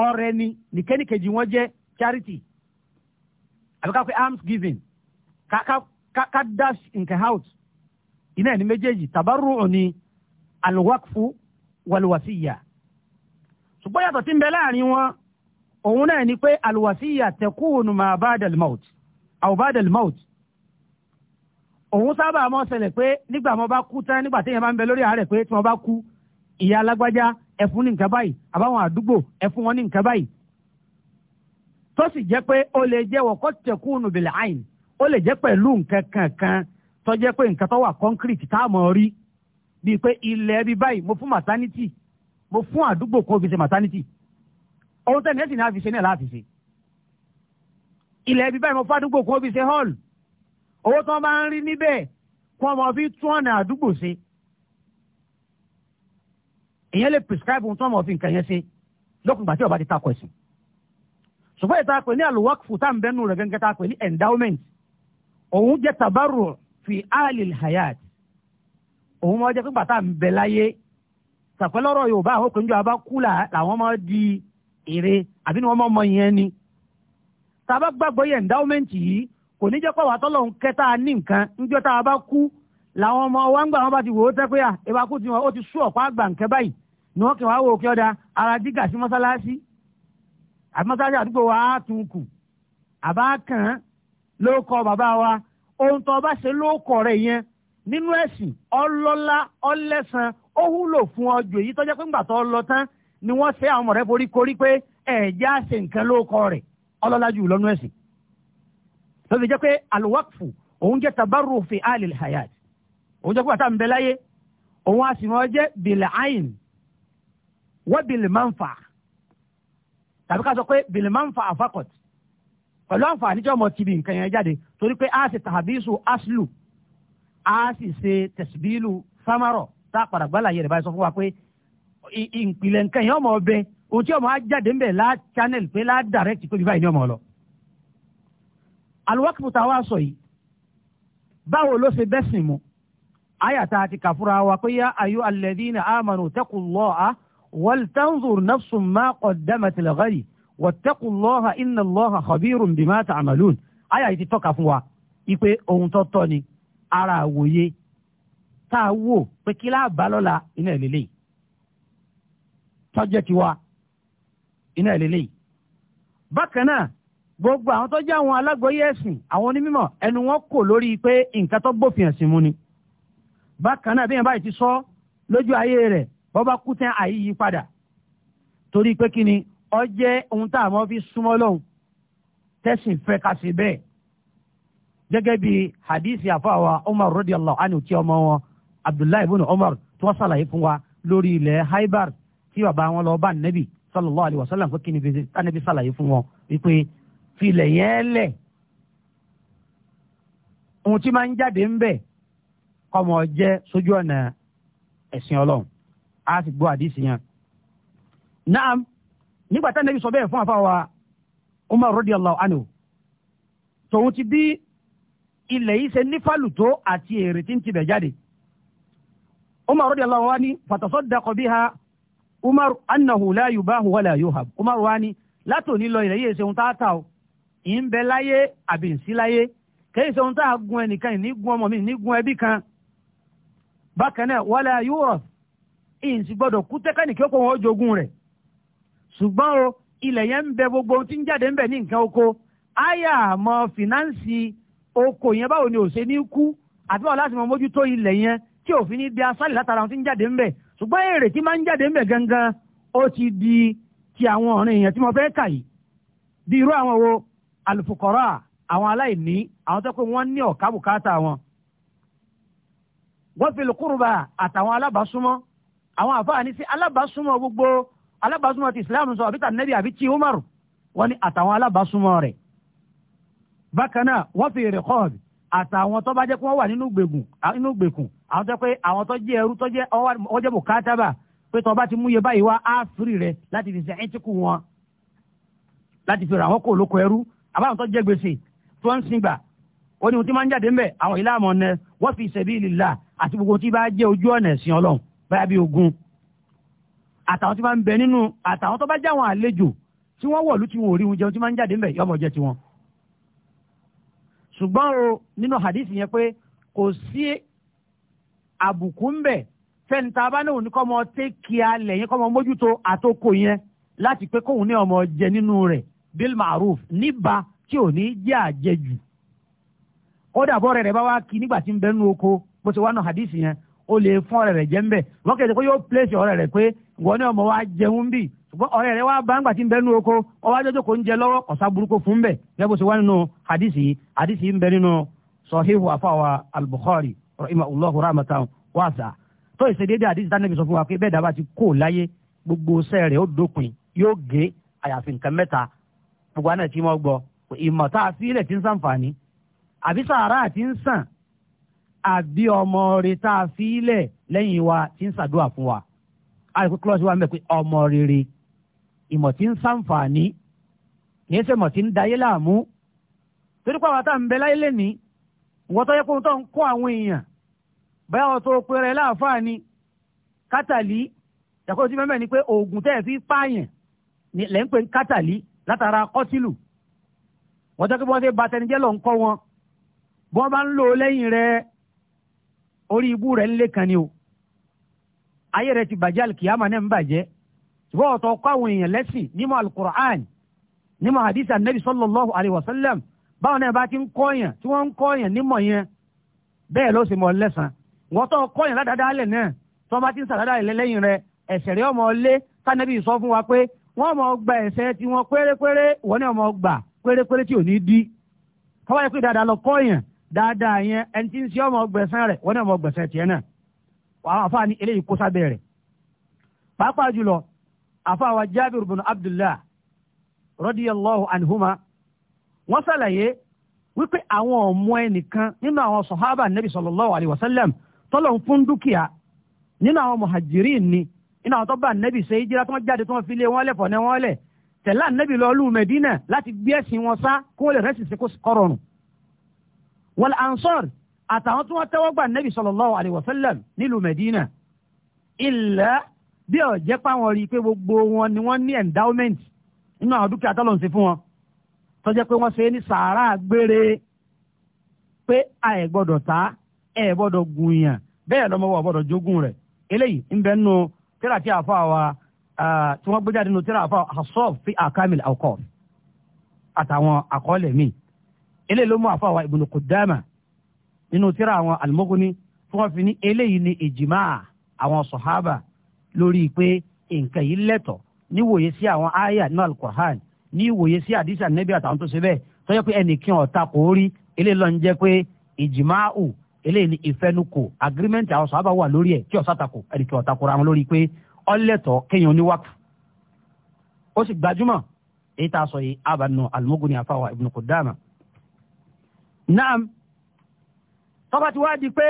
ọrẹ ni nìkẹ́nìkejì wọn jẹ́ charity àbíká pé arms giving ká ká ká dash nǹkan out iná ẹni méjèèjì tàbárù ọ̀ni alwakfu walwasiya ṣùgbọ́n yàtọ̀ tí ń bẹ láàrin wọn òun náà ni pé àlùwàsíyà tẹkùnù máa bá dal maut àwọn bá dal maut òun sábà máa ṣẹlẹ̀ pé nígbà mo bá kú tán nígbà téèyàn bá ń bẹ lórí àárẹ̀ pé tí mo bá kú ìyá alágbájá ẹ fún ní nǹkan báyìí àbáwọn àdúgbò ẹ wọn ní nǹkan báyìí tó sì jẹ́ pé ó lè jẹ́ wọ́kọ́ tẹkùnù bìlẹ̀ àìn ó lè jẹ́ pẹ̀lú nǹkan kankan tó jẹ́ pé nǹkan tó wà kọ́ńkírìtì táàmù rí bíi pé ilẹ̀ bíi báyìí mo fún màtánítì mo fún àdúgbò kó fi ṣe maternity ohun tẹ̀lé sì ní àfi ṣe náà láti ṣe ilẹ̀ ibi báyìí mo fún àdúgbò kó fi ṣe hall owó tí wọ́n bá ń rí níbẹ̀ kó ọmọ fi tún ọ̀nà àdúgbò ṣe èyàn lè prescribe ohun tí wọ́n mọ̀ fi nǹkan yẹn ṣe lókun gbàtí ọba ti takọ ẹ̀sìn ṣùgbọ́n ìta pè ní àlùwákùfù tá à ń bẹ́nu rẹ̀ gẹ́gẹ́ tá pè ní endowment òun jẹ́ tabarru fi alil hayat òun mọ̀ jẹ́ pé gbàtà ń bẹ láyé sàpẹ́lọ́rọ̀ yorùbá àwọn òkèjọ́ abá làwọn máa di èrè àbí ni wọ́n máa mọ ìyẹn ni tàbá gbàgbọ́ yẹn ẹ̀ndáwọ́mẹ́ǹtì yìí kò ní jẹ́ pé wàá tọ́lọ̀ ń kẹta ní nǹkan níjọ́ tá a bá kú làwọn ọmọ wa ń gbà wọn bá ti wò ó tẹ́ pé à kú tiwọn ó ti sú ọ̀pá àgbà báyìí wa á tún kù àbá wa ohun tó bá ṣe ló kọ̀ rẹ̀ yẹn ó wúlò fún ọ ju èyí tọ́jọ́ pé ńgbà tó lọ tán ni wọ́n ṣe àwọn ọ̀rẹ́ borí korí pé ẹ̀ẹ́dí àṣẹ nǹkan lóko rẹ̀ ọlọ́lá jù lọ́nu ẹ̀sìn. tó fi jẹ́ pé alwakfu òun jẹ́ tabarru fi alil hayat òun jẹ́ pé bàtà ń bẹ láyé òun a sì mọ́ jẹ́ bil ayn wa tàbí ká sọ pé bil manfa àfakọ̀t pẹ̀lú àǹfààní tí ọmọ ti bí nǹkan yẹn jáde torí pé a sì tàbí su aslu a sì ṣe tẹ̀síbílù samarọ̀ tá a padà gbálà yẹrẹ báyìí sọ fún wa pé ìpìlẹ̀ nǹkan yẹn ọmọ ọbẹ̀ òun tí ọmọ á jáde ń bẹ̀ channel pé lá direct pé bíbáyìí ni ọmọ lọ. aluwakibu tá a wá sọ yìí báwo ló ṣe bẹ́ sìn mu àyà tá a ti kà fúnra wa pé yá ayú alladhina amanu taqullaha wal tanzur nafsun ma qaddamat lighad wattaqullaha inna Allaha khabirun bima ta'malun àyà yìí ti tọ́ka fún wa ipe ohun tó ni ara àwòye tá a wò pé kí láàbá lọ́la iná ìlélẹ́yìí tọ́jẹ́ tiwa iná ìlélẹ́yìí bákan náà gbogbo àwọn tó jẹ́ àwọn alágbóyè ẹ̀sìn àwọn onímọ̀ ẹnu wọn kò lórí pé nǹkan tó gbòfin ẹ̀sìn mu ni bákan náà bí yẹn báyìí ti sọ lójú ayé rẹ̀ bọ́bá kú tẹ́ àyè padà torí pé kí ni ó jẹ́ ohun tá a mọ̀ fi súnmọ́ lọ́hùn tẹ̀sìn fẹ́ ká sí bẹ́ẹ̀ gẹ́gẹ́ bí hadisi àfọwà Umar radiyallahu anhu tí ọmọ wọn abdullahi ibn umar tí wọ́n ṣàlàyé fún wa lórí ilẹ̀ haibar tí bàbá wọn lọ bá nẹ́bì sallallahu alaihi wasallam pé kí ni kánẹ́bì ṣàlàyé fún wọn wípé filẹ̀ yẹn lẹ̀ ohun tí máa ń jáde ń bẹ̀ kọ́mọ jẹ́ sójú ọ̀nà ẹ̀sìn ọlọ́run a sì gbọ́ àdìsí yẹn. naam nígbà tá nẹ́bì sọ bẹ́ẹ̀ fún àfáwa umar radiyallahu anhu tòun ti bí ilẹ̀ yìí ṣe nífàlù tó àti èrè tí ń tibẹ̀ jáde umar radiyallahu anhu fatasaddaqa biha umar annahu la yubahu wala yuhab umar wa ni látòní lọ ìrẹ̀yẹ ìṣeun tá a ta o ìn bẹ láyé àbí ìn sí láyé kẹ́ ìṣeun tá a gun ẹnìkan ìní gun ọmọ mi ìní gun ẹbí kan bákan náà wala yurath ìn sì gbọ́dọ̀ kú tẹ́kánìkì ọkọ̀ wọn jogún rẹ̀ ṣùgbọ́n o ilẹ̀ yẹn ń bẹ gbogbo ohun tí ń jáde ń oko àyà àmọ́ fìnáǹsì oko yẹn báwo ni ò ṣe ní kú àti báwo láti mọ mójútó ilẹ̀ yẹn tí òfin ní bí asálì látara ohun tí ń jáde ń bẹ̀ ṣùgbọ́n èrè tí máa ń jáde ń bẹ̀ gangan ó ti di ti àwọn ọ̀rìn èèyàn tí mo fẹ́ kà yìí bí irú àwọn wo alùfùkọ́rọ́ àwọn aláìní àwọn tó pé wọ́n ní ọ̀ká bùkátà wọn. wọ́n fi lùkúrùbà àtàwọn alábàásúmọ́ àwọn àfáàní sí alábàásúmọ́ gbogbo alábàásúmọ́ ti islam sọ àbí tànẹ́bí àbí tí umar wọ́n ní àtàwọn alábàásúmọ́ rẹ̀. bákan náà wọ́n fi rẹ̀kọ́ọ̀dù àtàwọn tó bá jẹ́ pé wọ́n wà nínú gbèkùn àwọn tó pé àwọn tó jẹ́ ẹrú tó jẹ́ ọwọ́ jẹ́ bùkátàbà pé tó bá ti mú iye báyìí wá á firi rẹ láti fi ṣe ẹ́ńtíkù wọn láti fi ra àwọn kò lóko ẹrú àbáwọn tó jẹ́ gbèsè tó ń sin gbà ó ní ohun tí máa ń jáde ń bẹ̀ àwọn ilé àmọ́ ọ̀nà wọ́n fi sabilillah àti gbogbo tí bá jẹ́ ojú ọ̀nà ẹ̀sìn ọlọ́run báyà bí ogun àtàwọn tí máa ń bẹ nínú àtàwọn tó bá jẹ́ àwọn àlejò tí wọ́n wọ̀lú tí wọn ò rí oúnjẹ tí máa ń jáde ń yọmọ jẹ tiwọn. ṣùgbọ́n o nínú hadith yẹn pé kò sí àbùkù ń bẹ fẹ́ǹtà bá náà ní kọ́ ọmọ tẹ́ kí a lẹ̀ yẹn kọ́ ọmọ mójútó àtòkò yẹn láti pé kóun ní ọmọ jẹ nínú rẹ̀ bil ma'ruf níba tí ò ní jẹ́ àjẹjù kódà bọ́ ọ̀rẹ́ rẹ̀ bá wá kí nígbà tí ń bẹ nínú oko bó ti wá nù hadisi yẹn o lè fún ọ̀rẹ́ rẹ̀ jẹ ń bẹ wọ́n kẹ́sì pé yóò pléṣì ọ̀rẹ́ rẹ̀ pé wọ́n ní ọmọ wa jẹun bì ọ̀rẹ́ rẹ̀ wá bá ńgbà tí ń bẹ nínú oko ọwọ́ ajọ́jọ́ kò ń jẹ lọ́wọ́ ọ̀sá burúkú fún bẹ̀ gẹ́gẹ́ bó ti wá nínú hadisi hadisi ń bẹ nínú fa wa al-Bukhari rahimahullahu rahmatan wasi'a tó ìṣedéédé àdìsí tánàbí sọ fún wa pé bẹ́ẹ̀ dábàá ti kó láyé gbogbo iṣẹ́ rẹ̀ ó dópin yóò gé àyàfi nǹkan mẹ́ta gbogbo àná tí wọ́n gbọ́ ìmọ̀ tá a sílẹ̀ ti ń sàǹfààní àbí sàárà ti ń sàn àbí ọmọ rẹ̀ tá a sílẹ̀ lẹ́yìn wa ti ń sàdúrà fún wa àìkú kílọ̀sì wa ń bẹ̀ pé ọmọ rere ìmọ̀ ti ń sàǹfààní kì í mọ̀ ti ń dayé láàmú torí pé àwọn àtàǹbẹ̀ láyé lẹ́nìí wọ́n tó yẹ kó tó ń kó àwọn èèyàn báyà wọn tó pèrè láàfáà ni kátàlí ẹ̀kọ́ tí mẹ́mẹ́ ni pé oògùn tẹ́ ẹ̀ fi pààyàn ni lẹ́ ń pè kátàlí látara kọ́tìlù wọ́n tẹ́ kí wọ́n ṣe ba tẹnijẹ́ lọ ń kọ́ wọn bí wọ́n bá ń lò lẹ́yìn rẹ orí ibú rẹ̀ ń lé kan ni o ayé rẹ̀ ti bàjẹ́ alikiyama náà ń bàjẹ́ ṣùgbọ́n ọ̀tọ̀ kọ́ àwọn èèyàn lẹ́sìn nímọ̀ alukur'an nímọ̀ hadith anabi sallallahu alayhi wa sallam báwọn náà bá ti ń kọ́ yẹn tí wọ́n ń kọ́ yẹn nímọ̀ yẹn bẹ́ẹ̀ ló sì lẹ́sàn-án wọ́n tọ́ kọ́yìn ládàádáálẹ̀ náà tí wọ́n bá ti ń sàdádáálẹ̀ lẹ́yìn rẹ ẹ̀sẹ̀ rẹ ọmọ lé tánẹ́bí sọ fún wa pé wọ́n mọ̀ gba ẹ̀sẹ̀ tí wọ́n pérépéré wọ́n ní ọmọ gbà pérépéré tí ò ní dí káwáyé pé dáadáa lọ kọ́yìn dáadáa yẹn ẹni tí ń ṣe ọmọ gbẹ̀sán rẹ̀ wọ́n ní ọmọ gbẹ̀sán tiẹ̀ náà àwọn àfáà ní eléyìí kó sábẹ́ rẹ̀ pàápàá jùlọ àfáà wa Jábìr bin Abdullah radiyallahu anhuma wọ́n sàlàyé wípé àwọn ọmọ ẹnìkan nínú àwọn sọ̀hábà nàbì sallallahu alayhi wa tọ́lọ̀ ń fún dúkìá nínú àwọn muhajirin ni nínú àwọn tó bá nẹ́bì ṣe hijira tó wọ́n jáde tó wọ́n fi lé wọ́n lẹ̀ fọ̀nẹ́ wọ́n lẹ̀ tẹ̀lá nẹ́bì lọ lù mẹ́dínà láti gbé ẹ̀sìn wọn sá kó lè rẹ́sì sí kọ́rọ̀rùn. wal ansar àtàwọn tó wọ́n tẹ́wọ́ gbà nẹ́bì sallallahu alaihi wasallam nílùú mẹ́dínà ilẹ̀ bí ó jẹ́ pa wọn rí i pé gbogbo wọn ni wọ́n ní endowment nínú àwọn dúkìá tọ́lọ̀ ń ṣe fún wọn tó pé wọ́n ṣe ní sàárà gbére pé àìgbọ́dọ̀ ta ẹ gbọ́dọ̀ gun yàn bẹ́ẹ̀ lọ́mọ wa gbọ́dọ̀ jogún rẹ̀ eléyìí ń bẹ nínú tíra tí a fọ àwa tí wọ́n gbé jáde nínú tíra àfọ asọ́ọ̀f fi àkàmìl àkọ́ àtàwọn àkọọ́lẹ̀ míì eléyìí ló mú àfọ àwa Ibn Qudama nínú tíra àwọn al-Mughni tí wọ́n fi ní eléyìí ní ìjìmá àwọn sọ̀hábà lórí pé nǹkan yìí lẹ́tọ̀ níwòye sí àwọn àyà náà al-Qur'an níwòye sí àdìsí Ànábì àtàwọn tó ṣe bẹ́ẹ̀ tó yẹ pé ẹnìkan ọ̀ta kò rí eléyìí ló ń jẹ́ pé ìjìmáà eléyìí ni ìfẹnukò agreement àwọn sọ àbá wà lórí ẹ kí ọ̀sá takò ẹ̀dìkì ọ̀takòrò àwọn lórí pé ọlẹ́tọ̀ kéèyàn ní wákù ó sì gbajúmọ̀ èyí tá a sọ yìí abànú al-Mughni àfàwà Ibn Qudama. naam tọ́ba ti wá di pé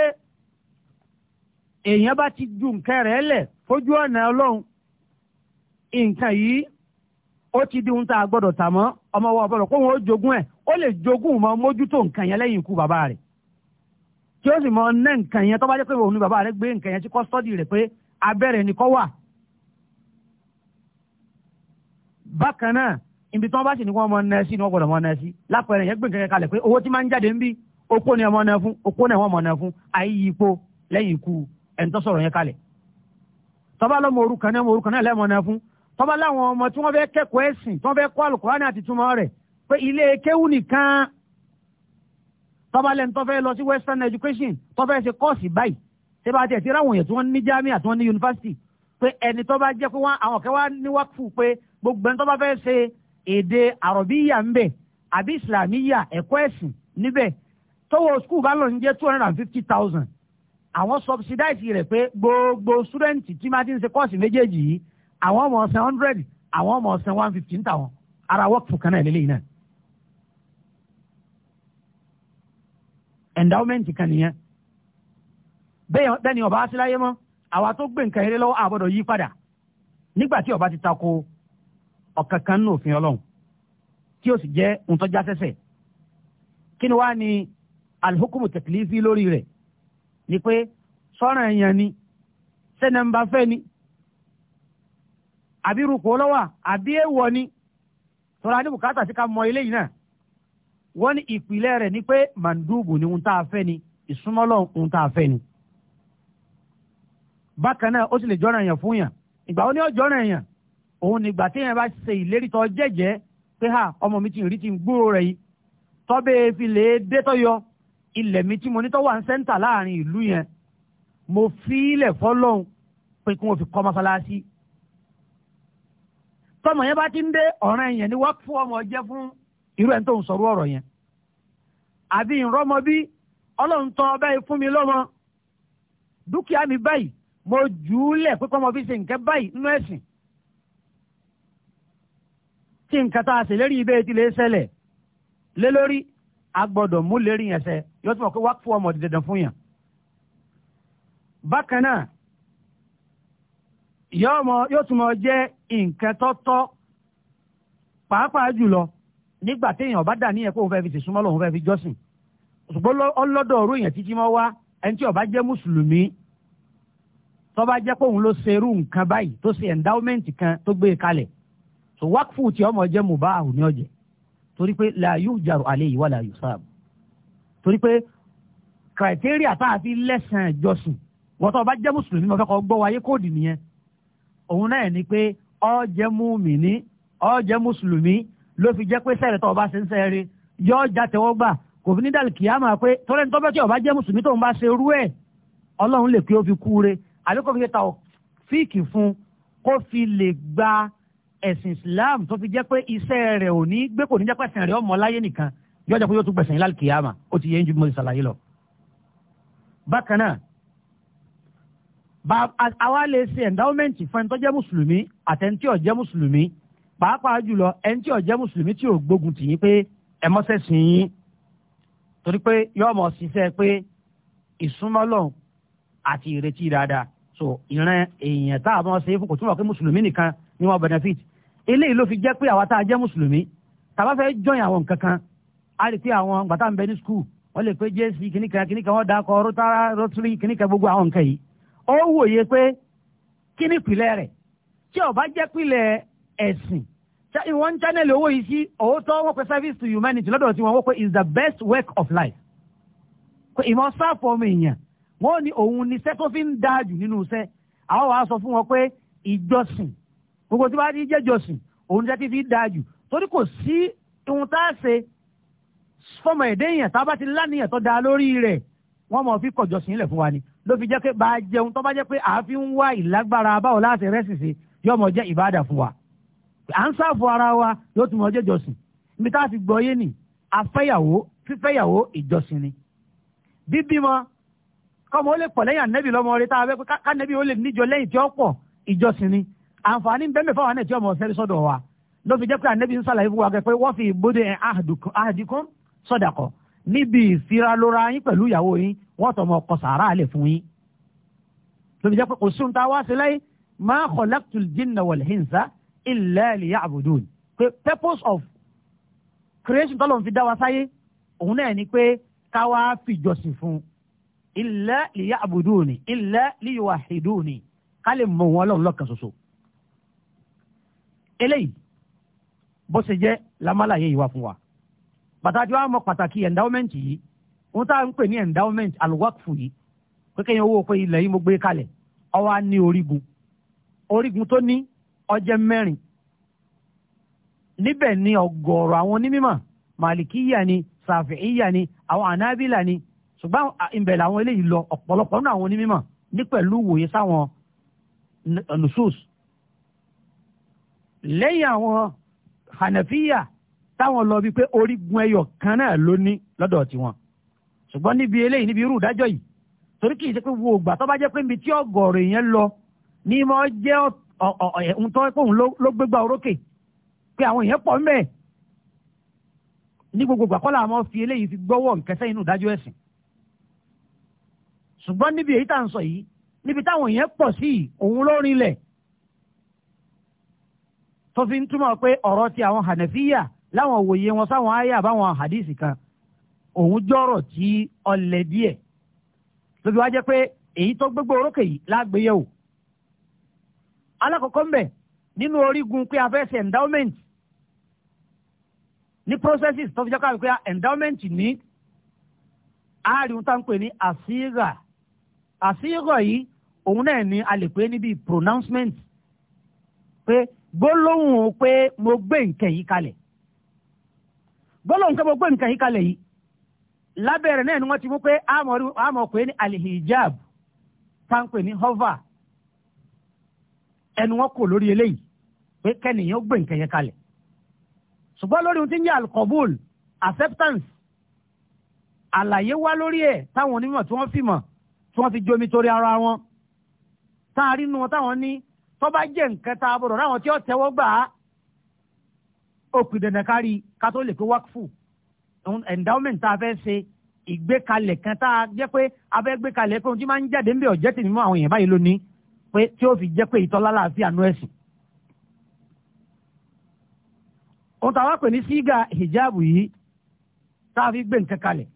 èèyàn bá ti ju nǹkan rẹ̀ lẹ̀ fojú ọ̀nà ọlọ́run nǹkan yìí ó ti di ohun tá a gbọ́dọ̀ tà mọ́ ọmọ wa ọ̀bọ̀dọ̀ kó wọn ó jogún ẹ̀ ó lè jogún mọ́ mójútó nǹkan yẹn lẹ́yìn ikú bàbá rẹ̀ tí ó sì mọ ná nǹkan yẹn tó bá jẹ́ pé òun ni bàbá rẹ̀ gbé nǹkan yẹn sí kọ́sítọ́dì rẹ̀ pé abẹ́rẹ́ ni kọ́ wà. bákan náà ibi tí wọ́n bá sì ní wọ́n mọ ná sí ni wọ́n gbọ́dọ̀ mọ ná sí lápẹẹrẹ yẹn gbé nǹkan yẹn kalẹ̀ pé owó tí máa ń jáde ń bí okó ni wọ́n mọ ná fún okó náà wọ́n mọ ná fún ayé ipò lẹ́yìn ikú ẹni yẹn kalẹ̀. tọ́ba lọ́mọ orúkọ náà orúkọ náà lẹ́mọ ná fún tọ́ba láwọn ọmọ tí wọ́n fẹ́ kẹ́kọ̀ọ́ ẹ̀sìn tí wọ́n fẹ́ kọ́ àlùkò tọ́balẹ̀ ń tọ́fẹ́ lọ sí western education tọ́fẹ́ ṣe kọ́ọ̀sì báyìí ṣé bá tiẹ̀ ti ráwọn èèyàn tí wọ́n ní jamia tí wọ́n ní yunifásitì pé ẹni tọ́ba jẹ́ pé wọ́n àwọn kẹwàá ní wákùú pé gbogbo ẹni tọ́ba fẹ́ ṣe èdè àrọ̀bíyà ń bẹ̀ àbí islamiyà ẹ̀kọ́ ẹ̀sìn níbẹ̀ tọ́wọ́ skul bá lọ ń jẹ́ two hundred and fifty thousand àwọn subsidize rẹ̀ pé gbogbo student tí máa ti ń ṣe kọ́ọ̀sì méjèèjì yìí àwọn ọmọ ọ̀sẹ̀ hundred àwọn ọmọ ọ̀sẹ̀ one fifty ń ara wọ́ọ̀kì fún kan náà lélẹ́yìn náà endowment kan nìyẹn bẹ́ẹ̀ ni ọba aṣíláyé mọ́ àwa tó gbé nǹkan eré lọ́wọ́ àbọ̀dọ̀ yí padà nígbà tí ọba ti tako ọ̀kankan nínú òfin ọlọ́run tí ó sì jẹ́ ntọ́já sẹ́sẹ̀ kí ni wàá ní alihukumu tẹkilifi lórí rẹ̀ ni pé sọ́ràn èèyàn ni sẹ́nẹ̀mbà fẹ́ ni àbí rúkọ́ àbí èèwọ̀ ni tọ́ra ní bùkátà sí ká mọ ilé yìí náà wọ́n ní ìpìlẹ̀ rẹ̀ ni pé màndúbù ni ohun tá a fẹ́ ni ìsúnmọ́lọ́ ohun tá a fẹ́ ni. bákan náà ó sì lè jọ́ra èèyàn fún yàn ìgbà ó ní ọjọ́ra èèyàn òun nígbà tí èèyàn bá ṣe ìlérí tó jẹ́jẹ́ pé ha ọmọ mi ti rí ti ń gbúrò rẹ̀ yìí tọ́bẹ̀ e fi lè dé tọ́yọ ilẹ̀ mi tí mo ní tó wà ń sẹ́ńtà láàrin ìlú yẹn mo fi ilẹ̀ fọ́lọ́hún pé kí wọ́n fi kọ́ mọ́sálásí tọmọ yẹn bá ti ń dé ọ̀ràn èèyàn ni wọ́n fún ọmọ jẹ́ fún irú ẹni tó ń sọrú ọ̀rọ̀ yẹn àbí ìrọmọ bí ọlọ́run tọ́ ọ báyìí fún mi lọ́mọ dúkìá mi báyìí mo jù ú lẹ̀ pé kọ́mọ fi ṣe nǹkan báyìí nínú ẹ̀sìn tí nǹkan tá a ṣèlérí ibẹ̀ ti lè ṣẹlẹ̀ lé lórí a gbọ́dọ̀ mú lérí yẹn ṣẹ yóò tún mọ̀ pé wá fún ọmọ dandan fún yàn. bákan náà yóò tún mọ̀ jẹ́ nǹkan tọ́tọ́ pàápàá jùlọ nígbà téèyàn bá dà níyẹn kó òun fẹ́ fi sèṣúmọ́ lòun fẹ́ fi jọ́sìn ṣùgbọ́n ọlọ́dọ̀ ọ̀rọ̀ èèyàn títí mọ́ wá ẹni tí ó bá jẹ́ mùsùlùmí tó bá jẹ́ pé òun ló ṣe irú nǹkan báyìí tó ṣe endowment kan tó gbé e kalẹ̀ tó wákfù tí ọmọ jẹ́ mùbá àhùn ọ̀jẹ̀ torí pé la yujaru alayhi wala yusabu torí pé criteria tá a fi lẹ́sàn-án jọ́sìn wọ́n tó bá jẹ́ mùsùlùmí mo fẹ́ kọ́ gbọ́ wáyé kóòdù nìyẹn òun náà ní pé ó jẹ́ mùmíní ó jẹ́ mùsùlùmí ló fi jẹ́ pé sẹ́rẹ̀ tó ọba ṣe ń sẹ́rẹ̀ yọ ọjà tẹ́wọ́ gbà kò fi ní dàlù kìá máa pé tọ́lẹ́ tó bẹ́ẹ̀ tí ọba jẹ́ mùsùlùmí tó ń bá ṣe rú ẹ̀ ọlọ́run lè kí ó fi kú re àbí kò fi ta fíìkì fún kó fi lè gba ẹ̀sìn Islam tó fi jẹ́ pé iṣẹ́ rẹ̀ ò ní gbé kò ní jẹ́ pẹ̀sìn rẹ̀ ọmọ láyé nìkan yọ ọjà pé yóò tún gbẹ̀sìn láì kìá mà ó ti yẹ ń ju mọ́ ìsàlàyé lọ. bákan náà àwa lè ṣe endowment fún ẹni tó jẹ́ mùsùlùmí àtẹ̀ntí ó mùsùlùmí pàápàá jùlọ ẹni tí ó jẹ́ mùsùlùmí tí ò gbógun tì yín pé ẹ mọ́sẹ̀ sìn yín torí pé yóò mọ̀ ṣiṣẹ́ pé ìsúnmọ́lọ̀ àti ìrètí dáadáa so ìran èèyàn tá a mọ̀ ṣe fún kò túnbọ̀ pé mùsùlùmí nìkan ni wọ́n benefit eléyìí ló fi jẹ́ pé àwa tá a jẹ́ mùsùlùmí tàbá fẹ́ jọyìn àwọn nǹkan kan a lè pe àwọn gbàtà ń bẹ ní skul wọ́n lè pe jésì kìnnìkan kìnnìkan wọ́n dakọ̀ rotara rotary kìnnìkan gbogbo àwọn nǹkan yìí ó wòye pé kíní pìlẹ̀ rẹ̀ tí ó bá jẹ́ pìlẹ̀ ẹ̀sìn ìwọ̀n channel owó yìí sí òótọ́ wọ́n pe service to humanity lọ́dọ̀ tí wọ́n wọ́n pe is the best work of life pé ìmọ̀ sáàpù ọmọ èèyàn wọ́n ní òun ni iṣẹ́ tó fi ń dáa jù nínú iṣẹ́ àwọn wàá sọ fún wọn pé ìjọsìn gbogbo tí wọ́n ti jẹ́ jọsìn òun jẹ́ ti fi dáa jù torí kò sí ohun tá a ṣe fọmọ èdè èèyàn tá a bá ti lánìyàn tó dáa lórí rẹ̀ wọ́n mọ̀ fi kọ̀ jọsìn ilẹ̀ fún wa ni ló fi jẹ́ pé bá a jẹun tó bá jẹ́ pé àáfi ń wá ìlágbára báwo láti rẹ́sì sí yọmọ jẹ́ ìbáàdà fún wa à ń sáàfù ara wa yóò tún mọ ọjọ́ ìjọsìn ibi tá a ti gbọ́ yé nì afẹ́yàwó fífẹ́yàwó ìjọsìn ni bíbímọ kọ́mọ ó lè pọ̀ lẹ́yìn ànẹ́bí lọ́mọ rẹ tá a fẹ́ pé kánẹ́bí ó lè níjọ lẹ́yìn tí ó pọ̀ ìjọsìn ni àǹfààní bẹ́ẹ̀ fáwọn náà tí ọmọ ọ̀sẹ̀ sọ́dọ̀ wa ló fi jẹ́ pé ànẹ́bí ń sàlàyé fún wa pé wọ́n fi ìbúdé àdìkún sọ̀dàkọ̀ níbi ìfiralóra yín pẹ̀lú ìyàwó yín wọ́n tọ́ ọmọ ọkọ sàárà àlè fún yín ló fi jẹ́ pé kò sóhun tá a wá sí láyé máa kọ̀ lẹ́kùtù jìnnà wọ̀lẹ́hìnsá illa liya'budun pé purpose of creation tọ́lọ̀ fi dá wa sáyé òun náà ni pé ká wá fìjọsìn fún illa liya'buduni illa liyuwahiduni ká lè mọ wọn lọ́run lọ́kan ṣoṣo. eléyìí bó ṣe jẹ́ lamálàyé yìí wá fún wa pàtàkì wa mọ pàtàkì endowment yìí wọn tá à ń pè ní endowment alwakfu yìí pé kéèyàn owó pé ilẹ̀ yìí mo gbé kalẹ̀ ó wà ní orígun orígun tó ní ọjẹ́ mẹ́rin níbẹ̀ ni ọ̀gọ̀ọ̀rọ̀ àwọn onímọ̀ màlìkíyà ni sàfihìyà ni àwọn ànábìlà ni ṣùgbọ́n ìbẹ̀ làwọn eléyìí lọ ọ̀pọ̀lọpọ̀ nínú àwọn onímọ̀ ní pẹ̀lú wòye sáwọn nusus lẹ́yìn àwọn hànàfíyà táwọn lọ bí pé orígun ẹyọ kan náà ló ní lọ́dọ̀ tiwọn ṣùgbọ́n níbi eléyìí níbi irú ìdájọ́ yìí torí kì í ṣe pé wo ògbà tó bá jẹ́ pé níbi tí ọ̀gọ̀ọ̀rọ̀ èèyàn lọ ní mọ́ jẹ́ ọ̀t ohun tó pé òun ló gbégbá orókè pé àwọn èèyàn pọ̀ mẹ́ẹ̀ ní gbogbo ìgbà kọ́lá àmọ́ fi eléyìí fi gbọ́wọ́ nkẹsẹ́ inú ìdájọ́ ẹ̀sìn ṣùgbọ́n níbi èyí tá à ń sọ yìí níbi táwọn èèyàn pọ̀ sí òun ló rinlẹ̀ tó fi ń túmọ̀ pé ọ̀rọ̀ ti àwọn hànẹ́fíyà láwọn òwòye wọn sáwọn àyà àbáwọn hadisi kan òun jọ̀rọ̀ tí ọlẹ̀ díẹ̀ lóbi wá jẹ́ pé èyí tó gbégbó orókè yìí lágbéyẹ̀wò alákọ̀ọ́kọ́ ń bẹ̀ nínú orígun pé a fẹ́ ṣe endowment ní processes tó fi jẹ́ endowment ní àárín tá pè ní yìí òun náà ni a lè pè níbi pronouncement pé gbólóhùn pé mo gbé nǹkan yìí kalẹ̀ gbólóhùn pé mo gbé nǹkan yìí kalẹ̀ yìí lábẹ́rẹ̀ náà ni wọ́n alihijab tá ẹnu wọn kò lórí eléyìí pé kẹ́nìyàn gbé nǹkan yẹn kalẹ̀ ṣùgbọ́n lórí ohun tí ń yẹ alkobol acceptance àlàyé wá lórí ẹ̀ táwọn onímọ̀ tí wọ́n fìmọ̀ tí wọ́n fi jomi torí ara wọn tá a rí nu wọn táwọn ní tó bá jẹ́ nǹkan tá a bọ̀rọ̀ ráwọn tí ó tẹ́wọ́ gbà á òkú dandan kárí ká wákfù endowment tá a fẹ́ ṣe ìgbékalẹ̀ kan tá a jẹ́ pé a fẹ́ gbékalẹ̀ pé ohun tí máa ń jáde ń bẹ̀ ọ̀jẹ́ tì pé tí ó fi jẹ́ pé ìtọ́lá láàfin àánú ẹ̀sìn. òun tàwa pè ní sígà hijab yìí tá a fi gbé nǹkan kalẹ̀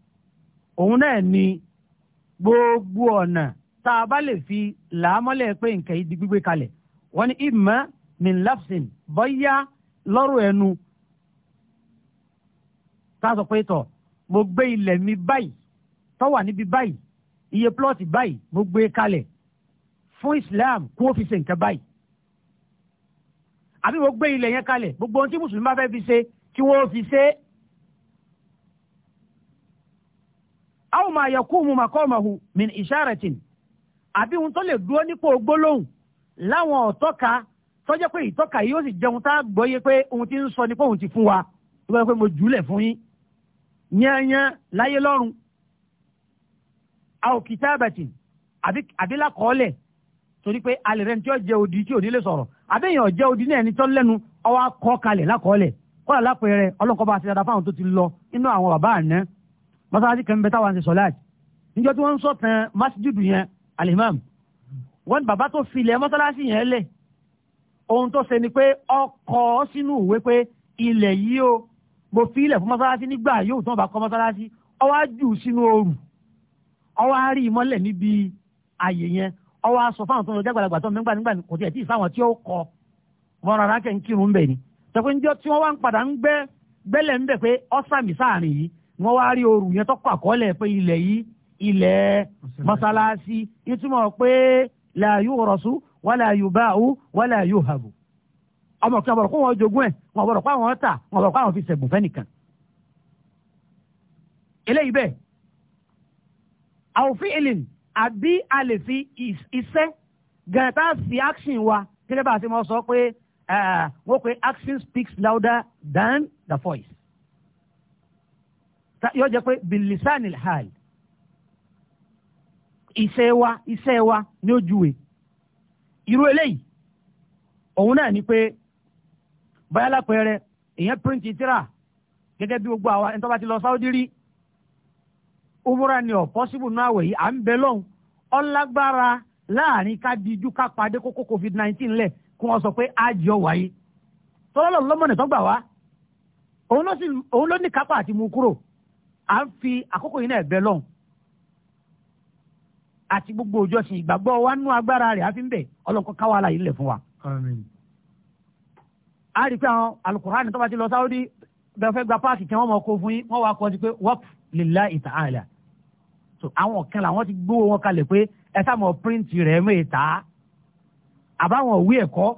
òun náà ni gbogbo ọ̀nà tá a bá lè fi làámọ́lẹ̀ pé nǹkan yìí di gbígbé kalẹ̀ wọ́n ní ìmọ̀ min lafsin bọ́yá lọ́rùn ẹnu tá a sọ pé tọ̀ mo gbé ilẹ̀ mi báyìí tó níbi báyìí iye plọ́ọ̀tì báyìí mo gbé kalẹ̀ fún islam kó o fi ṣe nǹkan báyìí àbí wọ́n gbé ilẹ̀ yẹn kalẹ̀ gbogbo ohun tí mùsùlùmí bá fẹ́ fi ṣe kí wọ́n fi ṣe. aw ma yakumu maqamahu min isharatin àbí ohun tó lè dúró nípò gbólóhùn láwọn ọ̀tọ́ka tọ́jẹ́ pé ìtọ́ka yìí ó sì jẹun tá a gbọ́yé pé ohun tí ń sọ ni pé òun ti fún wa ló bá pé mo jùlẹ̀ fún yín yányán láyé lọ́run aw kitabatin àbí lákọọ́lẹ̀ torí pé alẹ́ rẹ̀ tí ó jẹ odi tí òní lè sọ̀rọ̀ àbẹ́yẹn ọ̀jẹ́ odi náà ẹni tó lẹ́nu ọwọ́ akọ́ kalẹ̀ lákọ́ọ́lẹ̀ kọ́lá lápẹ̀rẹ̀ ọlọ́kọ́ bá ti dada fáwọn tó ti lọ inú àwọn bàbá àná mọ́sálásí kan bẹ táwọn ti sọ láàjì níjọ́ tí wọ́n ń sọ̀tàn masjidu yẹn alimam wọ́n ní bàbá tó filẹ̀ mọ́sálásí yẹn lẹ̀ ohun tó ṣe ni pé ọkọ̀ sínú ìwé pé ilẹ̀ yìí o mo filẹ̀ fún mọ́sálásí nígbà yóò tán bá kọ́ mọ́sálásí ọwọ́ á jù sínú oòrùn ọwọ́ á rí ìmọ́lẹ̀ níbi àyè yẹn ọwọ́ aṣọ fáwọn tó ń lọ jágbàlagbà tó ń gbà nígbà kò tiẹ̀ tí ì fáwọn tí ó kọ wọn rárá kẹ́ ń kírun bẹ̀ ni tẹ̀pẹ́ ń jọ tí wọ́n wá ń padà ń gbẹ́ gbẹ́lẹ̀ ń bẹ̀ pé ọ́sàmì sáàrin yìí wọ́n wá rí ooru yẹn tó àkọọ́lẹ̀ pé ilẹ̀ yìí ilẹ̀ mọ́sálásí ìtumọ̀ pé àbí a lè fi iṣẹ́ gan tá a fi action wa gẹ́gẹ́ bá a ṣe mọ sọ pé wọ́n pe action speaks louder than the voice yóò jẹ́ pé bilisanil hal iṣẹ́ wa iṣẹ́ wa ni ó júwe irú eléyìí òun náà ni pé báyà lápẹẹrẹ èèyàn píríǹtì ra, gẹ́gẹ́ bí gbogbo àwa ẹni tó bá ti lọ sáúdí rí umura ni ọ possible náà wẹ̀ yìí à ń bẹ lọ́hùn ọlágbára láàrin ká dijú ká padé kókó covid nineteen lẹ̀ kí wọ́n sọ pé ájì ọ wáyé tọ́lọ́lọ́ lọ́mọ̀nà tó gbà wá òun ló ní kápá àti mú à ń fi àkókò yìí náà bẹ lọ́hùn àti gbogbo òjọsìn ìgbàgbọ́ wa nú agbára rẹ̀ àfi ń bẹ̀ ọlọ́nkọ́ káwá láyé lẹ̀ fún wa. àmín. a rí i pé àwọn alukurani tó bá ti lọ sáwọ́dí bẹ́ẹ̀ fẹ́ gba páàkì kí wọ́n mọ̀ kó fún yín wọ́n wá kọ́ sí pé wọ́pù lillahi ta'ala so àwọn kan làwọn ti gbówó wọn kalẹ̀ pé ẹ sáàmù píríǹtì rẹ̀ mọ̀ èta àbáwọn òwe ẹ̀kọ́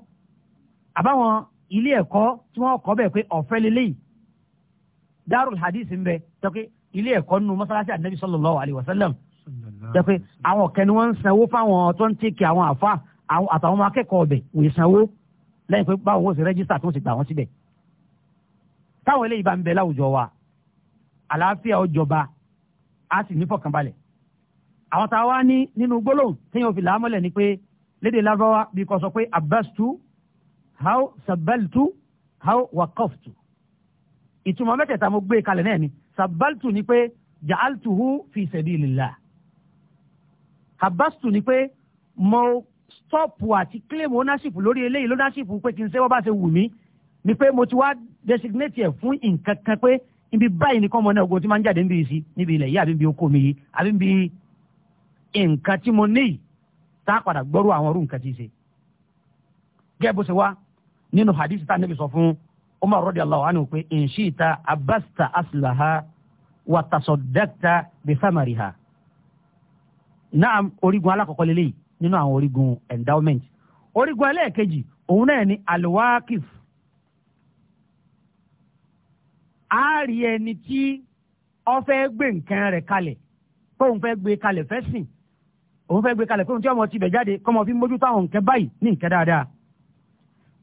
àbáwọn ilé ẹ̀kọ́ tí wọ́n kọ́ bẹ̀ pé ọ̀fẹ́ lélẹ́yìí darul hadith ń bẹ tọ́kẹ́ ilé ẹ̀kọ́ nínú mọ́sálásí ànábì sallallahu alaihi wasallam tọ́kẹ́ àwọn kan ni wọ́n ń sanwó fáwọn tó ń tẹ̀kẹ́ àwọn àfa àtàwọn akẹ́kọ̀ọ́ ọbẹ̀ wò é sanwó lẹ́yìn pé báwo wọ́n sì rẹ́jísítà tó ń sì gbà wọ́n síbẹ̀ táwọn eléyìí bá ń bẹ láwùjọ wa àlàáfíà ó a sì nífọ̀kànbalẹ̀ àwọn tá a wá ní nínú gbólóhùn téèyàn fi làámọ́lẹ̀ ni pé léde lágbáwá bí kò sọ pé abastu how sabaltu how wakoftu ìtumọ̀ mẹ́tẹ̀ẹ̀ta mo gbé kalẹ̀ náà ni sabaltu ni pé ja'altuhu fi sabilillah abastu ni pé mo stọ́ọ̀pù àti claim ownership lórí eléyìí ownership pé kí n ṣe wọ́n bá ṣe wù mí ni pé mo ti wá designate ẹ̀ fún nǹkan kan pé níbi báyìí nìkan mọ náà ogun tí máa ń jáde níbi ìsí níbi ilẹ̀ yìí àbí níbi oko mi yìí àbí níbi nǹkan tí mo ní yìí tá a padà gbọ́rú àwọn ọ̀rú nǹkan tí ì ṣe. gẹ́gẹ́ bó ṣe wá nínú hadith tá a níbi sọ fún Umar radiyallahu anhu pé inṣìta abasta asilaha wa tasaddaqta bi samariha. náà orígun alákọ̀ọ́kọ́ lélẹ́yìí nínú àwọn orígun endowment. orígun ẹlẹ́ẹ̀kejì òun náà ni alwakif a rí ẹni tí ó fẹ́ gbé nǹkan rẹ̀ kalẹ̀ pé òun fẹ́ gbé kalẹ̀ fẹ́ sìn òun fẹ́ gbé kalẹ̀ pé òun tí ọmọ ti bẹ̀ jáde kọ́mọ fi mójútó àwọn nǹkan báyìí ní nǹkan dáadáa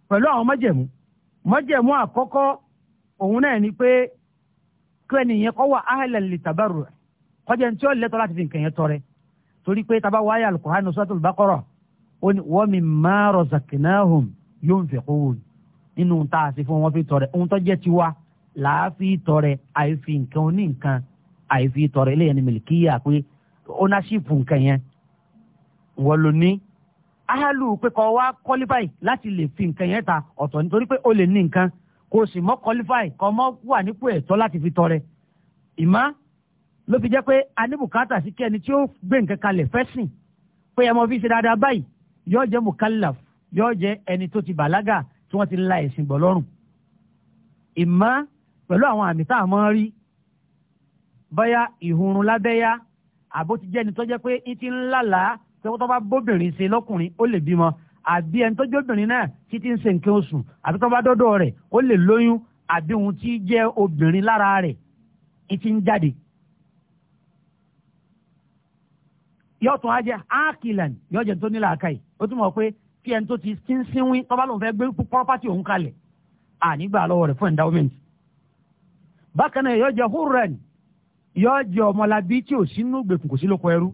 pẹ̀lú àwọn májẹ̀mú májẹ̀mú àkọ́kọ́ òun náà ni pé kí ẹnìyẹn kọ́ wà áhàlẹ̀ lè tàbárò rẹ̀ kọjá ní tí ó lẹ́tọ̀ọ́ láti fi nǹkan yẹn tọrẹ torí pé taba wà áyà Al-Qur'an Suratul Baqara ó ní wa mimma razaqnahum yunfiqun nínú tá a sì fún wọn fi làáfi tọrẹ àìfi nǹkan oní nǹkan àìfi tọrẹ ilé yẹn ni mìlìkìyà pé ownership nǹkan yẹn wọ́n ló ní ahalu pé kọ́ wá qualify láti lè fi nǹkan yẹn ta ọ̀tọ̀ nítorí pé o lè ní nǹkan kò sì mọ́ qualify kọ́ mọ́ wà nípò ẹ̀tọ́ láti fi tọrẹ ìmọ̀ ló fi jẹ́ pé anibukata sí kẹ́ni tí ó gbé nǹkan kalẹ̀ fẹ́sìn pé ẹ mọ fi ṣe dáadáa báyìí yóò jẹ́ mukallaf yóò jẹ́ ẹni tó ti bàlágà tí wọ́n ti la ẹ̀sìn gbọ́ lọ́rùn ìmọ̀ pẹ̀lú àwọn àmì tá a mọ́ rí bóyá ìhurun lábẹ́yá àbó ti jẹ́ ẹni tó jẹ́ pé ń ti ń lálàá tẹ́wọ́ tó bá bóbìnrin ṣe lọ́kùnrin ó lè bímọ àbí ẹni tó jóbìnrin náà tí ti ń ṣe nǹkan oṣù àbí tó bá dọ́dọ̀ rẹ̀ ó lè lóyún àbí òun ti jẹ́ obìnrin lára rẹ̀ ń ti ń jáde. yóò tún á jẹ tó nílò àkàì ó túmọ̀ pé kí ẹni tó ti ń sínwín tó bá lóun fẹ́ gbé pọ́pátì òun kalẹ̀ ànígbà lọ́wọ́ rẹ̀ fún endowment bákan náà yóò jẹ húrẹ́n yóò jẹ ọmọlábí tí ò sínú gbèkùn kò sí lóko ẹrú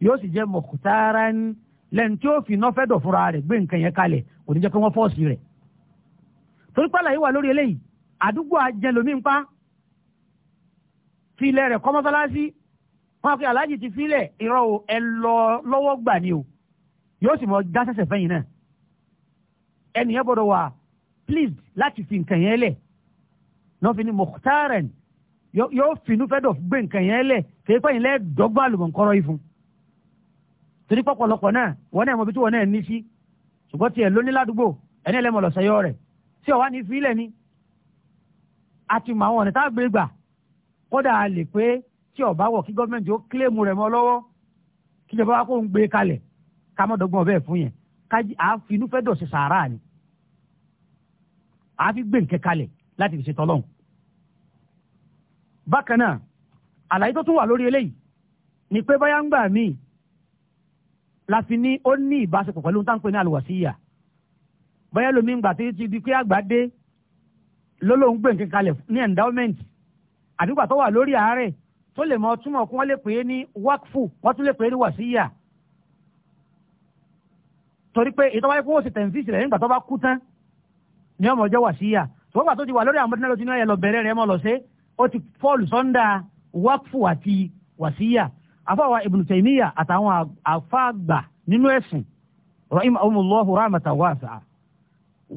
yóò sì jẹ mọ̀kútàrán lẹ́nu tí ó fi iná fẹ́ dọ̀ fúnra rẹ̀ gbé nǹkan yẹn kalẹ̀ kò ní jẹ́ kí wọ́n fọ́ọ̀sì rẹ̀ torí pàlà yìí wà lórí eléyìí àdúgbò ajẹlomi ń pa filẹ̀ rẹ̀ kọ́ mọ́sálásí wọn pe aláàjì ti filẹ̀ irọ́ o ẹ lọ lọ́wọ́ gbà ni o yóò sì mọ dá sẹ̀sẹ̀ fẹ́yìn náà ẹnìyẹn gbọ́dọ̀ wà pleased láti fi nǹkan yẹn lẹ̀ náà fi ní mọ̀tàrẹ̀n yóò finú fẹ́ dọ̀ gbé nǹkan yẹn lẹ̀ kéé pẹ́yìn lẹ́ dọ́gba àlùmọ̀ǹkọ́rọ́ ìfún torí pọ̀pọ̀lọpọ̀ náà wọn náà mọ̀ bí tí wọn náà ní sí ṣùgbọ́n tiẹ̀ lóní ládùúgbò ẹni ẹlẹ́mọ̀ lọ́sẹ̀yọ rẹ̀ tí ọ̀wá ní fílẹ̀ ni àti mọ àwọn ọ̀nà tá a gbé gbà kódà a lè pé tí ọ̀bá wọ̀ kí gọ́ọ̀mẹ̀ntì ó kílèmù rẹ̀ mọ́ lọ́wọ́ kíjọba wa kó ń gbé bákan náà àlàyé tó tún wà lórí eléyìí ni pé báyà ń gbà míì la fi ní ó ní ìbáṣepọ̀ pẹ̀lú ohun tá à ń pè ní àlùwàsíyà báyà lomi ń gbà tí ti di pé àgbà dé lólóhùn gbé nǹkan kalẹ̀ ní endowment àdúgbà tó wà lórí àárẹ̀ tó lè mọ túmọ̀ kí wọ́n lè pè é ní wákfù wọ́n tún lè pè é ní wàsíyà torí pé ìtọ́wáyé kó o sì tẹ̀síìsì nígbà tó bá kú tán ní ọmọ ọjọ́ wàsíyà ṣùgbọ́n gbà tó ti wà lórí àwọn ní ọ̀yẹ́ bẹ̀rẹ̀ rẹ̀ mọ́ lọ ó ti paul sọ́ndà wákfù àti wàsíyà afáwa ibn taymiya àtàwọn àfáàgbà nínú ẹ̀sìn rahim ahumullahu rahmata wasa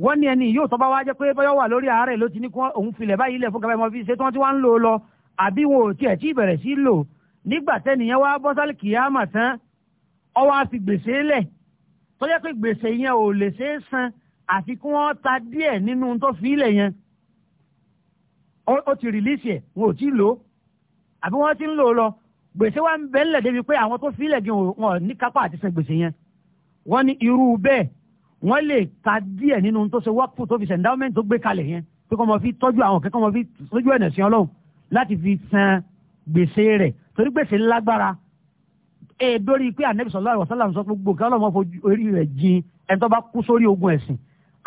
wọ́n ní ẹni yóò tọ́ba wá jẹ́ pé bọ́yọ̀ wà lórí àárẹ̀ ló ti ní kí òun filẹ̀ báyìí lẹ̀ fún kẹfẹ́ mọ́ fi ṣe tí wọ́n ti wá ń lò ó lọ àbí wọn ò tiẹ̀ tí ìbẹ̀rẹ̀ sí lò nígbà tẹ́nìyẹn wá bọ́sálì kìyàmà tán ọwọ́ á gbèsè lẹ̀ tọ́jà pé gbèsè yẹn ò lè ṣeé san àfi kí wọ́n nínú tó fi ilẹ̀ yẹn ó ti rìlíìsì ẹ̀ wọn ò tí ì lò ó àbí wọ́n ti ń lò ó lọ gbèsè wa ń bẹ ńlẹ̀ débi pé àwọn tó fílẹ̀ gan wọn ní kápá àti san gbèsè yẹn wọ́n ní irú bẹ́ẹ̀ wọ́n lè ka díẹ̀ nínú tó ṣe wákùú tó fi ṣe endowment tó gbé kalẹ̀ yẹn pé kọ́ mọ fi tọ́jú àwọn kẹ́kọ́ mọ fi tọ́jú ẹ̀nà sí ọlọ́run láti fi san gbèsè rẹ̀ torí gbèsè lágbára ee dórí pé anabi sọlá àwòsálà ń sọ pé gbòkè ọlọ́mọ fojú orí rẹ̀ jin ẹni tó bá kú sórí ogun ẹ̀sìn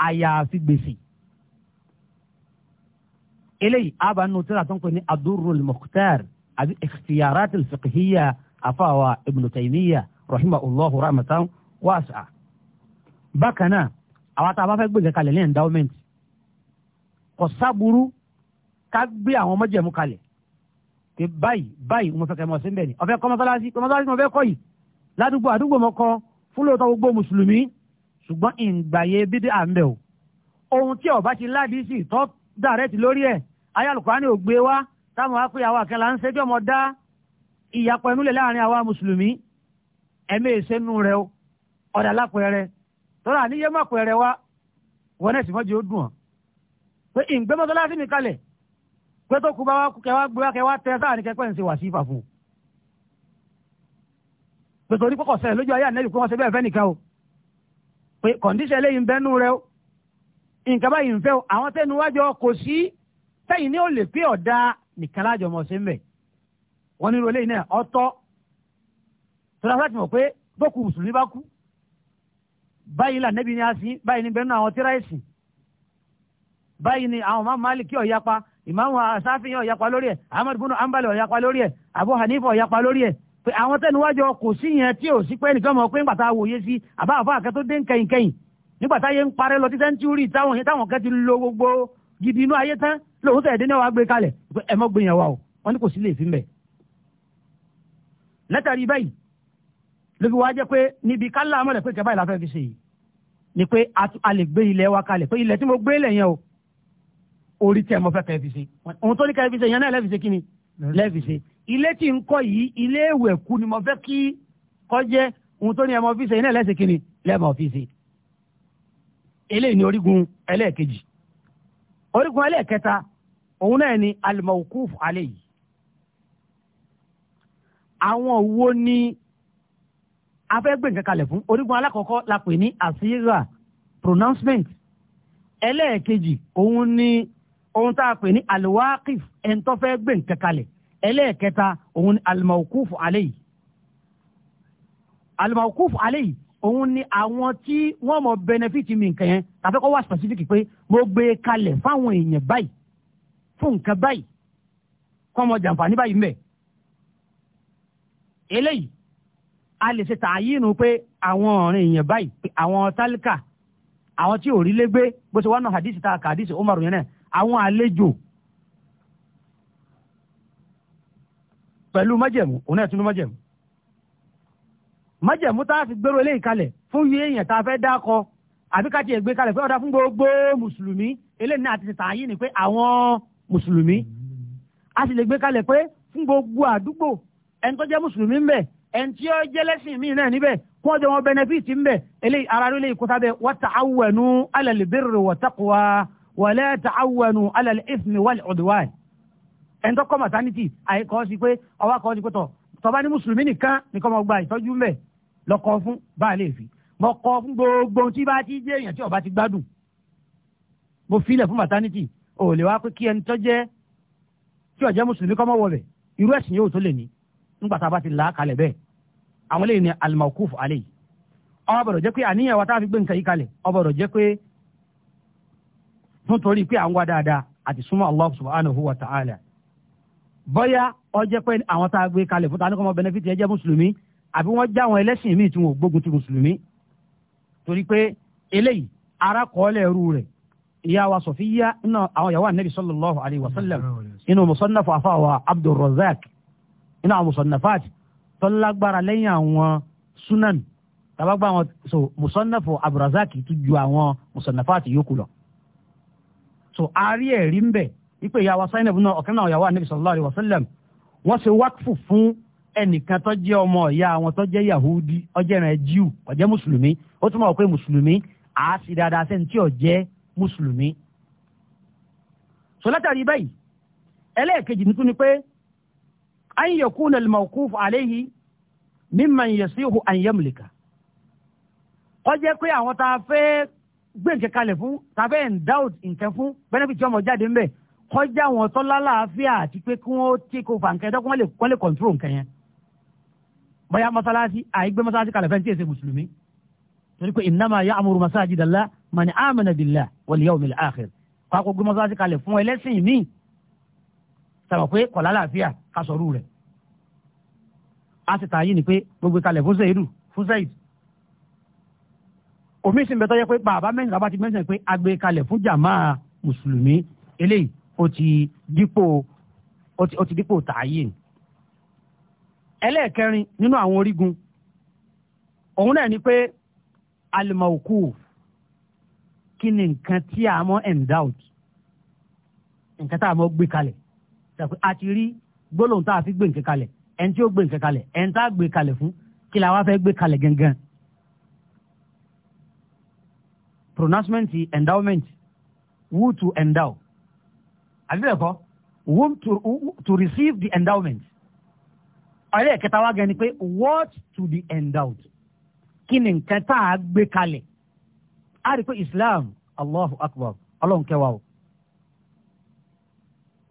àyàfi gbèsè eléyìí abanu tíra tó ń pè ní adurul mukhtar àbí ikhtiyarati fiqhiyya afaawa ibnu taymiya rahimahullahu rahmatan wasi'a. bákan náà àwọn tá a bá fẹ́ gbé kalẹ̀ ní endowment kò sábúrú ká gbé àwọn ọmọjẹ̀mú kalẹ̀ pé báyìí báyìí mo fẹ́ kẹ́ mọ̀ sí bẹ́ẹ̀ ni ọ̀fẹ́ kọ́ mọ́sálásí kọ́ mọ́sálásí mo fẹ́ kọ́ yìí ládùúgbò àdúgbò mọ́ kọ́ fún lóòótọ́ gbogbo mùsùlùmí ṣùgbọ́n ìgbàyè bídí à ń bẹ̀ o ohun tí ọba ti ládìí sí tọ́ dàrẹ́tì lórí ẹ̀ ayálùkọ́ni ò gbé wá táwọn wá pé àwọn àkẹ́là ń ṣe bí ọmọ dá ìyàpọ̀ ẹnulẹ̀ láàrin àwa mùsùlùmí ẹ̀mí èsè nù rẹ o ọ̀dà lápẹ̀rẹ̀ tọ́lá àníyé má pẹ̀rẹ̀ wá wọn ẹ̀sìn mọ́jì ó dùn ọ́ pé ìgbé mọ́sálásí mi kalẹ̀ pé tó kú bá wá kẹ wá gbé wá kẹ wá tẹ sáà ní kẹpẹ́ ń ṣe wà sí ìfà fún un pé sẹ́yìn lójú ayé ànẹ́bí kó wọ́n fẹ́ nìkan o pé kọ̀ǹdíṣẹ́ lẹ́yìn bẹ́ẹ̀ nù rẹ o nǹkan báyìí ń fẹ́ o àwọn tẹ́nu wájọ kò sí tẹ́yìn ní ò lè pé ọ̀dà nìkan lájọ mọ̀ sí mbẹ̀ wọ́n ní irú eléyìí náà ọ̀tọ̀ tọ́lá sáà ti mọ̀ pé bókù mùsùlùmí bá kú báyìí là ni a sin báyìí ni bẹ́ẹ̀nu àwọn tíra ẹ̀sìn báyìí ni àwọn máa máa lè kí ọ̀yapa ìmáàmù àsáfihàn ọ̀yapa lórí ẹ̀ ahmed bunu ambali ọ̀yapa lórí ẹ̀ abu hanifa ọ̀yapa lórí ẹ̀ pé àwọn tẹnuwájọ kò sí yẹn tí ò sí pé nìkan mọ̀ pé ńgbà tá a wòye sí àbá àfa àkẹ́ tó dé nkẹyìnkẹyìn nígbà táyé ń parẹ́ lọ títí sẹ́ńtúrì táwọn kẹ́ ti lo gbogbo gidi inú ayé tán lóhun tẹ̀ ẹ̀dínlẹ́wà gbé kalẹ̀ ẹ mọ́ gbé yẹn wa o wọ́n ní kò sí lè fi mbẹ̀. látàrí báyìí ló fi jẹ́ pé níbi kálá amọ̀lẹ̀ pé kẹfà ìlàfẹ́ fi ṣe yìí ni pé a lè gbé ilẹ̀ wa kalẹ̀ pé ilẹ̀ tí mo gbé lẹ̀ yẹn o orí tẹ̀ mo fẹ́ kẹ́ fi ṣe ohun tó ní kẹ́ fi ṣe yẹn náà lẹ́fi ṣe kí ni lẹ́fi ṣe ilé tí ń kọ́ yìí ilé ìwẹ̀ kú ni mo fẹ́ kí kọjẹ́ ohun tó ní ẹ mọ fi ṣe yẹn náà lẹ́sẹ̀ kí ni lẹ́mọ̀ fi ṣe eléyìí orígun ẹlẹ́ẹ̀kẹta òun náà ni al-mawquf alayhi àwọn wo ni a fẹ́ gbé nǹkan kalẹ̀ fún orígun alákọ̀ọ́kọ́ la pè ní àsíra pronouncement ẹlẹ́ẹ̀kejì òun ni ohun tá a pè ní al-waqif ẹni ẹlẹ́ẹ̀kẹta òun ni al-mawquf alayhi al-mawquf alayhi òun ni àwọn tí wọ́n mọ̀ bẹnẹfìtì mi nǹkan yẹn tàbí kọ́ wá specific pé mo gbé e kalẹ̀ fáwọn èèyàn báyìí fún nǹkan báyìí kọ́ mọ jàǹfààní báyìí mbẹ̀. eléyìí a lè ṣe tààyínú pé àwọn ọ̀rìn èèyàn báyìí àwọn tálíkà àwọn tí ò rí légbé bó ṣe wá náà hadisi ta kàdísì ó màrún yẹn náà àwọn àlejò pẹ̀lú májẹ̀mú òun náà tún ní májẹ̀mú tá a fi gbèrò eléyìí kalẹ̀ fún yíyé èèyàn tá a fẹ́ dákọ àbí ká tiẹ̀ gbé kalẹ̀ fẹ́ ọ̀dà fún gbogbo mùsùlùmí eléyìí náà ti ti tàn yín ni pé àwọn mùsùlùmí a sì lè gbé kalẹ̀ pé fún gbogbo àdúgbò ẹni tó jẹ́ mùsùlùmí ń bẹ ẹni tí ó jẹ́ lẹ́sìn míì náà níbẹ̀ kí wọ́n jọ wọn bẹnẹfíìtì ń bẹ eléyìí ara rí eléyìí kóta bẹ wa ta'awwanu 'ala al-birri tọ́ba ní mùsùlùmí nìkan nìkan mọ̀ gba ìtọ́jú ń lọ́kọ́ fún baálé fi mo kọ́ fún gbogbo tí bá ti jẹ́ èèyàn tí ọba ti gbádùn mo filẹ̀ fún maternity ò lè wá pé kí ẹni tó jẹ́ tí ọ̀jẹ́ mùsùlùmí kọ́ mọ́ wọ bẹ̀ irú ẹ̀sìn yóò tó lè ní nígbà tá a bá ti là á kalẹ̀ bẹ́ẹ̀ àwọn eléyìí ni alimakuf alẹ́ yìí ó bọ̀rọ̀ jẹ́ pé àníyàn wa tá a fi gbé nǹkan yìí kalẹ̀ ó bọ̀rọ̀ jẹ́ pé nítorí pé à ń wá dáadáa àti súnmọ́ Allah subhanahu wa ta'ala bọ́yá ó pé àwọn tá a gbé kalẹ̀ fún ta ní kọ́ mọ́ bẹnẹfìtì ẹ mùsùlùmí àbí wọ́n já àwọn ẹlẹ́sìn míì tí wọn ò gbógun ti mùsùlùmí torí pé eléyìí ara kọ́ọ́lẹ̀ ẹrú rẹ̀ ìyá wa sọ̀fíyá iná àwọn ìyàwó ànẹ́bí sallallahu alayhi wa sallam inú musonnafa afáwa abdulrozak iná àwọn musonnafat tó lágbára lẹ́yìn àwọn sunan tabagbá àwọn so musonnafa abdulrozak tó ju àwọn musonnafat yòókù lọ so àárí ẹ̀rí ń bẹ̀ wípé ìyá wa sáyẹn náà ọ̀kan náà ìyàwó ànẹ́bí sallallahu alayhi wa sallam wọ́n ṣe ẹnìkan tó jẹ́ ọmọ ìyá àwọn tó jẹ́ yahudi ọjọ́ ìrìn jíù ọjẹ́ mùsùlùmí ó tún mọ̀ pé mùsùlùmí à á sì dáadáa sẹ́ni tí ọjẹ́ mùsùlùmí. sọ látàrí báyìí ẹlẹ́ẹ̀kejì tuntun ni pé an yakuna al-mawquf alayhi mimman yasihu an yamlika ó jẹ́ pé àwọn tá a fẹ́ gbé nǹkan kalẹ̀ fún tá a fẹ́ endowed nǹkan fún benefit ọmọ jáde ńbẹ̀ kọjá wọn tọ́lá láàfíà àti pé kí wọ́n tí kò fà nǹkan ẹ̀dá kí wọ́n lè control nǹkan yẹn bóyá mọ́sálásí àìgbé mọ́sálásí kalẹ̀ fẹ́ntì èsè mùsùlùmí torí pé innama ya'muru masajida Allah man amana billah wal yawmil akhir kó gbé mọ́sálásí kalẹ̀ fún ẹlẹ́sìn míì sọ̀rọ̀ pé kọ̀lá e, làáfíà ká sọ̀rọ̀ rẹ̀ a sì tààyè ni pé gbogbo e kalẹ̀ fún sẹ́yìdù fún sẹ́yìdù omi sì ń bẹ tọ́jọ́ pé bàbá mẹ́sìn bàbá ti mẹ́sìn pé agbe kalẹ̀ fún jàmáà mùsùlùmí eléyìí ó ti dípò ó ti dípò tààyè ni ẹlẹ́ẹ̀kẹrin nínú àwọn orígun òun náà ni pé alimọ̀ọ́kù kí ni nǹkan tí a mọ̀ endowed nǹkan tá a mọ̀ gbé kalẹ̀ ṣàpè a ti rí gbólóhùn tá a fi gbé nǹkan kalẹ̀ ẹni tí ó gbé nǹkan kalẹ̀ ẹni tá a gbé kalẹ̀ fún kí la wá fẹ́ gbé kalẹ̀ gangan pronouncement endowment who to endow àbí bẹ́ẹ̀ kọ́ whom to, to receive the endowment ọ̀rẹ́ ìkẹta wá gan ni pé what to be endowed kí ni nǹkan tá a gbé kalẹ̀ a rí pé islam allahu akbar ọlọ́run kẹwàá o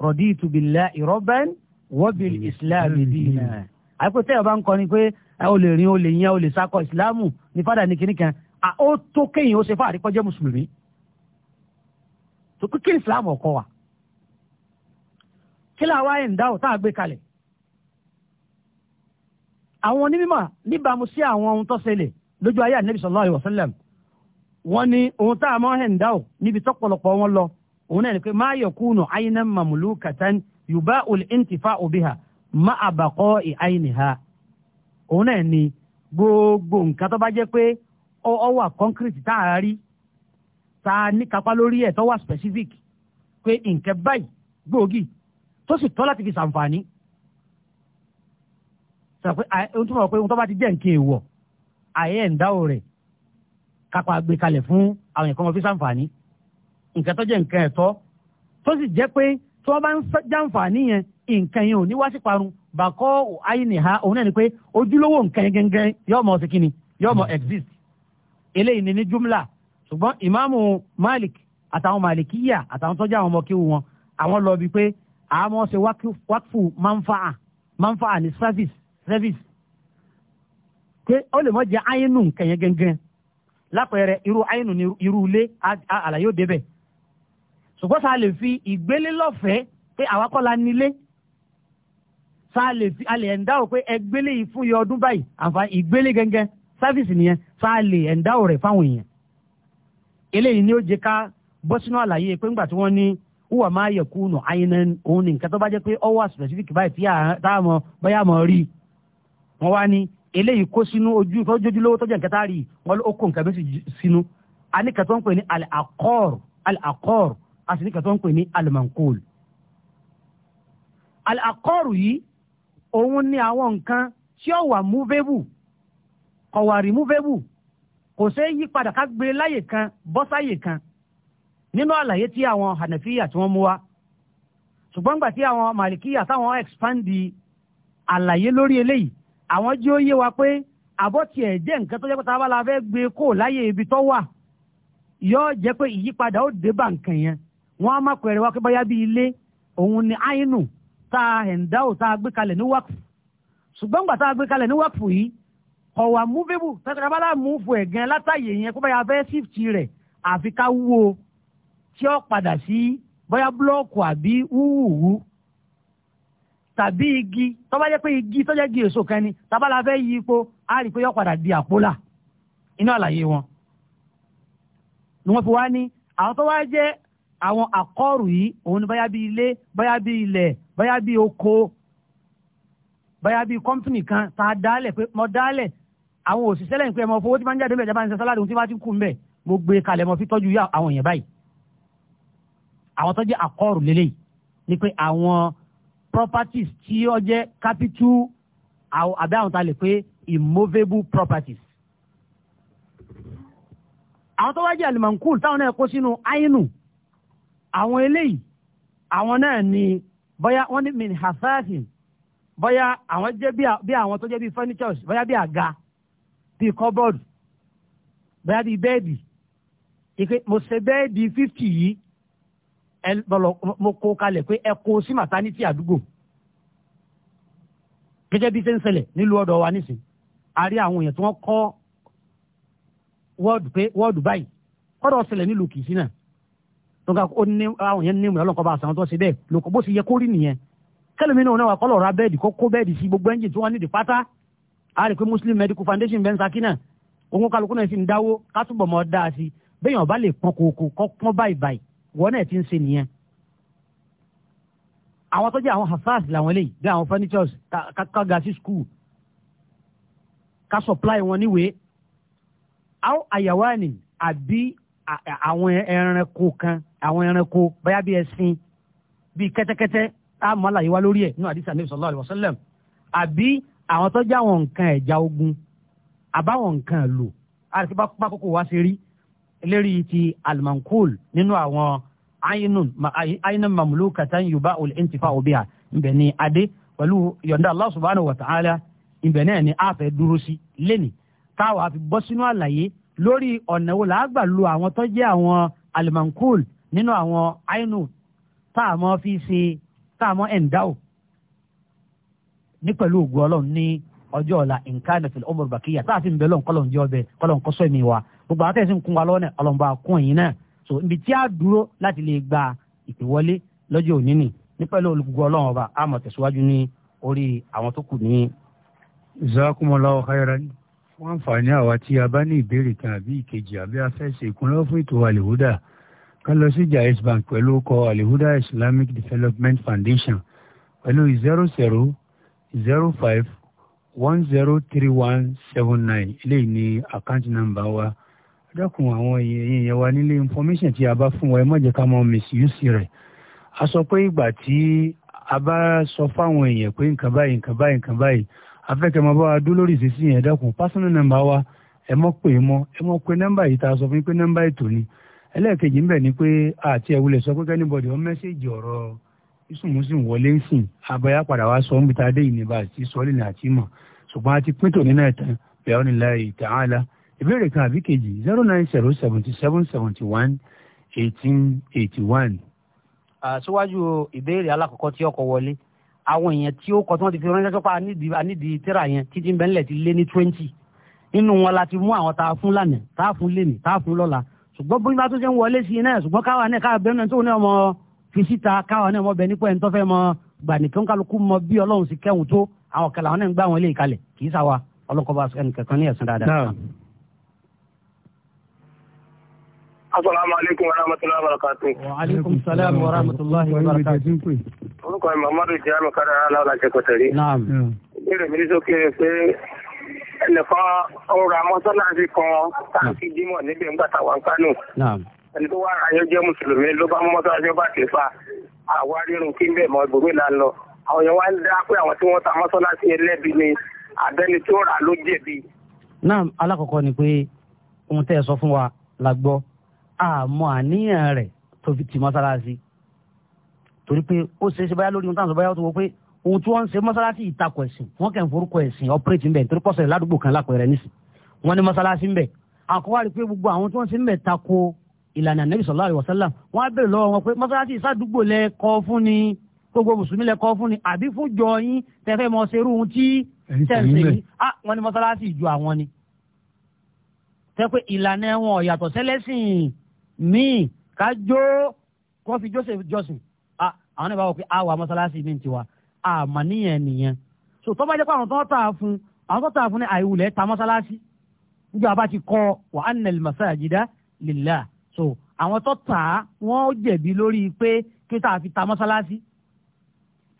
raditu billahi rabban wa bil islam dina àìpé tẹ́yọ̀ bá ń kọ́ ni pé o lè rin o lè yan o lè sakọ ìsìláàmù ní fádà ní kinní kan ó tó kéyìn ó ṣe fáàrí kọjá mùsùlùmí tó kí ìsìláàmù ọkọ wa kí làwa ẹ̀ ń dá tá a gbé kalẹ̀ àwọn onímọ̀ níbàámu sí àwọn ohun tó ṣẹlẹ̀ lójú ayé ànábì sallallahu alaihi wasallam wọ́n ní ohun tá a mọ́ hẹ̀ ń dá o níbi tọ́pọ̀lọpọ̀ wọn lọ òun náà ni pé máa yakunu aynan mamlukatan yuba'u al-intifa'u biha ma'a baqa'i ayniha òun náà ni gbogbo nǹkan tó bá jẹ́ pé ọ wà concrete tá a rí tá a ní kápá lórí ẹ̀ tó wà specific pé nǹkan báyìí gbòógì tó sì tọ́ láti fi ṣàǹfààní sọ pé ohun tó mọ̀ pé ohun tó bá ti jẹ́ nǹkan èèwọ̀ àyè ẹ̀ ń dáwọ̀ rẹ̀ kápá gbé kalẹ̀ fún àwọn ẹ̀kọ́ wọn fi nǹkan tó jẹ́ nǹkan ẹ̀tọ́ tó sì jẹ́ pé tí wọ́n bá ń jàǹfààní yẹn nǹkan yẹn ò ní wá sí parun bàkọ́ ayé nìha òun náà ni pé ojúlówó nǹkan yẹn gẹ́gẹ́ yóò mọ̀ ọ́ sí kíni yóò mọ̀ exist eléyìí ni ní jumla ṣùgbọ́n ìmáàmù Malik àtàwọn màlìkíyà àtàwọn tọ́jú àwọn ọmọ kíwù wọn àwọn lọ bíi pé àmọ́ service service pé ó lè mọ jẹ àyínú nǹkan yẹn gẹ́gẹ́ lápẹẹrẹ irú àyínú ni irú ilé àlàyé òde bẹ̀ ṣùgbọ́n sá lè fi ìgbélé lọ́fẹ̀ẹ́ pé àwa kọ́ la nílé sá lè fi alẹ̀ ẹ̀ńdáwò pé ẹgbélé yìí fún iye ọdún báyìí àǹfààní ìgbélé gẹ́gẹ́ sáfíìsì nìyẹn sá lè ẹ̀ńdáwò rẹ̀ fáwọn èèyàn eléyìí ni ó jẹ ká bọ́ sínú àlàyé pé ńgbà tí wọ́n ní wúwà máa yẹ kúùnù àyínà òun ní nǹkan tó bá jẹ́ pé ọwọ́ specific báyìí tí táwọn báyà mọ̀ rí i wọ́n wá ní eléyìí kó sínú ojú ìfọ́jójúlówó tọ́jà nkẹta rí wọ́n ló kó nǹkan méjì sínú a ní kẹtọ́ ń pè ní al-akọ́r al-akọ́r a sì ní kẹtọ́ ń pè ní al-mankul. al yìí òun ni àwọn nǹkan tí ó wà múvébù kò wà rìmúvébù kò ṣe yí padà ká gbé láyè kan bọ́sáyè kan nínú àlàyé tí àwọn hànàfíyà tí wọ́n mú wá ṣùgbọ́n gbà tí àwọn màlìkíyà táwọn expandi àlàyé lórí eléyìí àwọn jí ó yé wa pé àbọ̀tì ẹ̀ jẹ́ nǹkan tó jẹ́ pé tá a bá la fẹ́ gbé kó láyé ibi tó wà yóò jẹ́ pé ìyípadà ó dé bá nǹkan yẹn wọ́n á má pẹ̀rẹ̀ wá pé báyá bí ilé òun ni àyínú tá a ẹ̀ǹdá ò tá a gbé kalẹ̀ ní wákù ṣùgbọ́n gbà tá a gbé kalẹ̀ ní wákù yìí ọ̀wà múvébù tẹ́tẹ́kábálà múfù ẹ̀gán látàyè yẹn pé báyá fẹ́ sífìtì rẹ̀ àfi ká wúwo tí ó padà sí bóyá búlọ́ọ̀kù àbí wúwúwú tàbí igi tó bá jẹ́ pé igi tó jẹ́ igi èso kan ni tá la fẹ́ yí ipò á rí i pé yọ padà di àpólà inú àlàyé wọn. ni wọ́n fi wá ní àwọn tó wá jẹ́ àwọn àkọ́rù yìí òun ni báyà bí ilé báyà bí ilẹ̀ báyà bí oko báyà bí kọ́mpìnì kan tá a dálẹ̀ pé mo dálẹ̀ àwọn òṣìṣẹ́ lẹ́yìn pé ẹ mọ fowó tí máa ń jáde mẹ́jọba ní sẹ́sálàdì ohun tí máa ti kú mbẹ́ mo gbé e kalẹ̀ mo fi tọ́jú àwọn èèyàn báyìí àwọn tó jẹ́ àkọ́rù lélẹ́yìí ni pé àwọn properties tí ó jẹ́ capital àbí àwọn tá a lè pé immovable properties. àwọn tó wá jẹ́ alimankul táwọn náà kó sínú àyínú àwọn eléyìí àwọn náà ni bóyá wọ́n ní min hasasin bóyá àwọn jẹ́ bí àwọn tó jẹ́ bí furnitures bóyá bí àga bí cupboard bóyá bí bẹ́ẹ̀dì mo ṣe bẹ́ẹ̀dì fifty yìí ẹ lọlọ mo kó kalẹ̀ pé ẹ kó sí màtánítì àdúgbò gẹ́gẹ́ bí ṣe ń ṣẹlẹ̀ nílùú ọ̀dọ̀ wa nísìn a rí àwọn èèyàn tí wọ́n kọ́ wọ́ọ̀dù pé wọ́ọ̀dù báyìí kọ́dọ̀ ṣẹlẹ̀ nílùú kìsì náà tó ga ó ní àwọn èèyàn níwèé ọlọ́kọ̀ bá àṣàwọn tó ṣe bẹ́ẹ̀ lóko bó ṣe yẹ kó rí nìyẹn kẹlẹ́mi náà wà kọ́lọ̀ ra bẹ́ẹ̀dì kó kó bẹ́ẹ̀dì sí gbogbo ẹ́ńjìn tí wọ́n nídìí pátá a rí pé Muslim Medical Foundation bẹ́ẹ̀ ń sakínà òun kálukú náà sì ń dáwọ́ kátùbọ̀ mọ́ dáa sí bẹ́ẹ̀ yàn bá lè pọ́n kòkò kọ́ pọ́n báyìí báyìí wọn náà ti ń ṣe nìyẹn àwọn tó jẹ́ àwọn hafaz làwọn eléyìí bí àwọn furnitures ká ga sí school ká supply wọn níwèé àwọn àyàwó ni àbí àwọn ẹranko kan àwọn ẹranko báyà bí ẹṣin bíi kẹ́tẹ́kẹ́tẹ́ á àlàyé wa lórí ẹ̀ ní àdìsá Nabi sallallahu alaihi wasallam àbí àwọn tó jẹ́ àwọn nǹkan ẹ̀já ogun àbáwọn nǹkan lò àti bá kókó wa ṣe rí lérí ti almankul nínú àwọn ainun mamlukatan yuba olintifa obiha ibẹ̀ ni adé pẹ̀lú yọ̀ǹda allah subhanahu wa ta'ala ibẹ̀ náà ni a fẹ́ dúró sí lẹ́ni táwa fi bọ́ sínú àlàyé lórí ọ̀nà wo làágbà lu àwọn tó jẹ́ àwọn almankul nínú àwọn ainun tá a mọ̀ fi ṣe tá a mọ̀ ẹ̀ńdáwò ní pẹ̀lú ògùn ọlọ́run ní ọjọ́ ọ̀la nǹkan ẹ̀fẹ̀ ọmọ rẹ̀ bàkìyà tá a fi ń bẹ lọ́n kọ́lọ̀ jẹ́ ọbẹ̀ kọ́lọ̀ kọ́sọ́ ẹ̀mí wa gbogbo àwọn tẹ̀sí ń kún wa lọ́wọ́ náà ọlọ́mọba kún ẹ̀yìn náà so ibi tí a dúró láti lè gba ìpèwọlé lọ́jọ́ òní nì ní pẹ̀lú olùgbogbo ọlọ́run ọba a mọ̀ tẹ̀síwájú ní orí àwọn tó kù ní. jazakumullahu khairan fún àǹfààní àwa tí a bá ní ìbéèrè kan àbí ìkejì àbí afẹ́sẹ̀ ìkúnlọ́wọ́ fún ètò àlèhúdà ká lọ sí Jaiz Bank pẹ̀lú ọkọ̀ àlèhúdà Islamic Development Foundation pẹ̀lú zero zero zero five one zero three one seven nine eléyìí ní àkáǹtì nàmbà wa dákun àwọn èèyàn wa nílé information tí a bá fún wa ẹ má jẹ́ ká máa misuse rẹ̀ a sọ pé ìgbà tí a bá sọ fáwọn èèyàn pé nǹkan báyìí nǹkan báyìí nǹkan báyìí afẹ́kẹ́ máa bá wa dúró lórí ìṣesí yẹn dákun personal number wa ẹ mọ̀ pé mọ́ ẹ mọ̀ pé nọ́mbà yìí tá a sọ fún yín pé nọ́mbà ètò ni ẹlẹ́ẹ̀kejì ń bẹ̀ ni pé àti ẹ̀wulẹ̀ sọ pé kẹ́nìbọ̀dì wọn mẹ́sẹ̀gì ọ̀rọ̀ ìsùnmùsùn wọlé ń sìn padà wá sọ ń dé ìnìbà àti sọ́ọ́lì ní àtìmọ̀ ṣùgbọ́n a ti pín tòní náà tán bẹ́ẹ̀ ọ́ ìtàn án ìbéèrè kan àbí kejì zero nine zero seventy seven seventy one eighteen eighty one. síwájú ìbéèrè alákọ̀ọ́kọ́ tí ọkọ̀ wọlé àwọn èèyàn tí ó kọ tí wọ́n ti fi ránṣẹ́ sọ́pá nídìí tẹ́ra yẹn títí bẹ́ńlẹ̀ ti lé ní twenty nínú wọn la ti mú àwọn tá a fún lánàá tá a fún lénìí tá a fún lọ́la ṣùgbọ́n bí wọ́n tún ṣe ń wọlé sí i náà ṣùgbọ́n káwa náà káwa bẹ́ẹ̀ náà tó ní ọmọ fi síta káwa náà mọ bẹ nípa ẹni tó fẹ́ mọ gbà nìkan kálukú mọ bí ọlọ́run sì kẹ́hùn tó àwọn kẹlẹ́ àwọn náà ń gbá wọn lé ìkalẹ̀ kì í sáwa ọlọ́kọ̀ bá ẹnì kẹ̀kan ní ẹ̀sán dáadáa. asalaamu aleykum wa rahmatulahi wa barakatu. wa aleykum salaam wa rahmatulahi wa barakatu. orúkọ mi mamadu jamiu kárí aláwọ láti kọtẹrí. naam. ìbéèrè mi ní sókè pé ẹnìkan ọ̀rọ̀ amọ́sálásí kan táǹkì jímọ̀ níbi ń gbàtà wà ń kánò. naam. ẹni tó wá ayé jẹ́ mùsùlùmí ló bá mú mọ́sálásí ó bá ti fa àwa rírun kí n bẹ̀ mọ́ ìbòmí là ń lọ. àwọn yẹn wá ń dá pé àwọn tí wọ́n ta mọ́sálásí ẹlẹ́bi ni àbẹ́ni tí ó rà ló jẹ̀bi. naam alákọ̀ọ́kọ́ ni pé ohun tẹ́ ẹ sọ fún wa la gbọ́ àmọ́ àníyàn rẹ̀ tó fi ti mọ́sálásí torí pé ó ṣe é ṣe báyà lórí ohun táwọn sọ báyà tó wọ pé ohun tí wọ́n ń ṣe mọ́sálásí ìtakò ẹ̀sìn wọ́n kàn ń forúkọ ẹ̀sìn ọ̀pẹ́rẹ́tì ń bẹ̀ nítorí pọ̀sẹ̀ ládùúgbò kan lápẹ̀rẹ̀ nísìn wọ́n ní mọ́sálásí ń bẹ̀ àkọ́wá rí pé gbogbo àwọn tí wọ́n ti ń bẹ̀ tako ìlànà nẹ́bí sọ̀lá àríwọ̀ sálà wọ́n á bèrè lọ́wọ́ wọn míì ká jó joseph jọsìn àwọn ìbáwọ̀ pé àwa mọ́sálásí mi ti wa àmọ́ níyẹn nìyẹn so tó bá jẹ́ pé àwọn tó tà á fún àwọn tó tà á fún ní àìwulẹ̀ ta mọ́sálásí níjọ́ àbá ti kọ́ wa anna al-masajida lillah so àwọn tó tà á wọ́n jẹ̀bi lórí pé kí tá a fi ta mọ́sálásí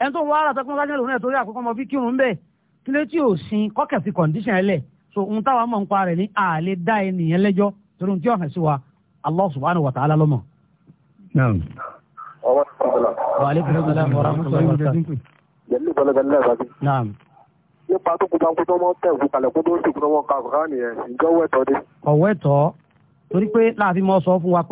ẹni tó ń wá ara tó kún sáyẹn lòun náà torí àkókò ọmọ fi kírun bẹ́ẹ̀ kí ló tí ò sin kọ́kẹ́ fi kọ̀ǹdíṣàn ẹ̀ lẹ̀ so ohun táwa mọ̀ ń pa rẹ̀ ní àlè dá ẹnìyẹn lẹ́jọ́ torí ohun tí ò hàn sí wa Allah subhanahu wa ta'ala lọ́mọ. Wa alaikum salam wa rahmatullahi wa barakatuh. Jẹ̀lú gbọ́lọ́gbọ́lọ́ ẹ̀ bá bí. Nípa tó kúta kúta ọmọ tẹ̀ kú kalẹ̀ kó tó sì kúta ọmọ kakọ̀ ká nìyẹn, ǹjẹ́ ọwọ́ ẹ̀tọ́ dé? Ọ̀wọ́ ẹ̀tọ́ torí pé láàfin mọ́ sọ fún wa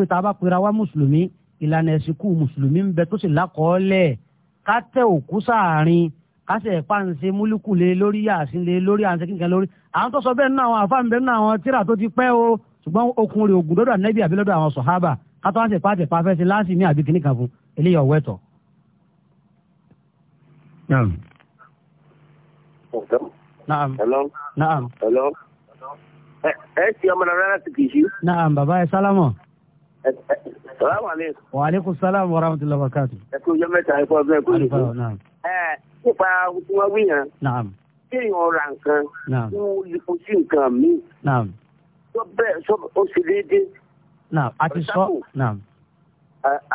ṣùgbọ́n okun rẹ̀ ogun lọ́dọ̀ ànábì àbí lọ́dọ̀ àwọn sọ̀hábà kátó wá tẹ̀pá tẹ̀pá fẹ́ sí láti ní àbí kìnnìkan fún eléyà ọ̀wẹ́ tọ̀. naam. naam. naam. ẹ ṣe ọmọ náà rárá ti kìí ṣe. naam bàbá ẹ sálámọ̀. salaamu aleykum. wa aleykum salaam wa rahmatullahi wa barakatuh. ẹ kú ọjọ́ mẹ́ta ẹ kú ọjọ́ ẹ kú ìlú. ẹ nípa tí wọ́n wí yẹn. naam. kéèyàn ra nǹkan. naam. kó o lè kó sí nǹkan míì sọ bẹ́ẹ̀ sọ o sì lè dé. naam a ti sọ naam.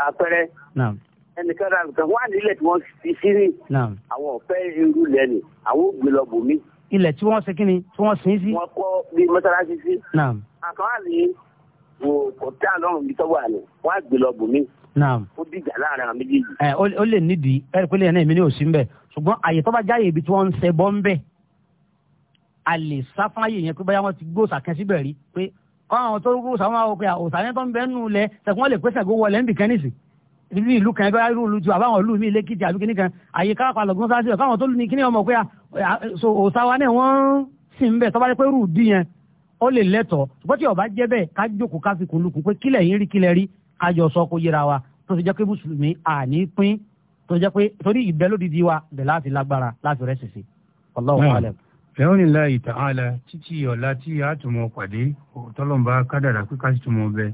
àpẹẹrẹ. naam. ẹnìkan ra nǹkan wà nílẹ̀ tí wọ́n fi sí ní. naam. àwọn ọ̀fẹ́ irú lẹ́nu àwọn ògbé lọ bò mí. ilẹ̀ tí wọ́n ṣe kíni tí wọ́n sin sí. wọ́n kọ́ bí mọ́sálásí sí. naam. àkànwá ni wò kò tí a lọ́rùn bí sọ́wọ́ àná wọ́n á gbé lọ bò mí. naam. ó dìjà láàrin àwọn méjèèjì. ẹ ó lè nídìí ẹ pé lẹ́yìn náà èmi ní òsínbẹ̀ ṣùgbọ́n àyè tó bá jáyè ibi tí wọ́n ń ṣe bọ́ ń bẹ́ẹ̀ a lè sá fún ayé yẹn pé báyà wọn ti gbó sàkẹ́ síbẹ̀ rí pé kọ́ àwọn tó rú sàwọn àwọn òkè òsàlẹ̀ tó ń bẹ́ nù lẹ sẹ̀kún wọn lè pèsè àgó wọlé níbìkan nìsí ibi ìlú kan bẹ́ẹ̀ irú ìlú ju àbáwọn ìlú mi lẹ́kìtì àbí kìnìkan àyè káàkó àlọ́gbọ́n sáà síbẹ̀ káwọn tó lù ní kíní ọmọ pé so òsàwa náà wọ́n sì ń bẹ̀ tọ́ba dé pé rú bí yẹn ó lè lẹ́tọ̀ọ́ ṣùgbọ́n tí ó bá jẹ́ bẹ́ẹ̀ ká jókòó ká fi kùn lukùn pé kílẹ̀ yín rí kílẹ̀ rí ká jọ sọ kó yẹra wa tó fi jẹ́ pé mùsùlùmí àní pín tó jẹ́ pé torí ìbẹ́lódìdí wa bẹ̀ láti lágbára láti rẹ̀ ṣèṣe Allahu alam fẹ́hónì láì tààlà títí ọ̀la tí a tún mọ pàdé tọ́lọ́mbà kádàrà pípa sí tún mọ bẹ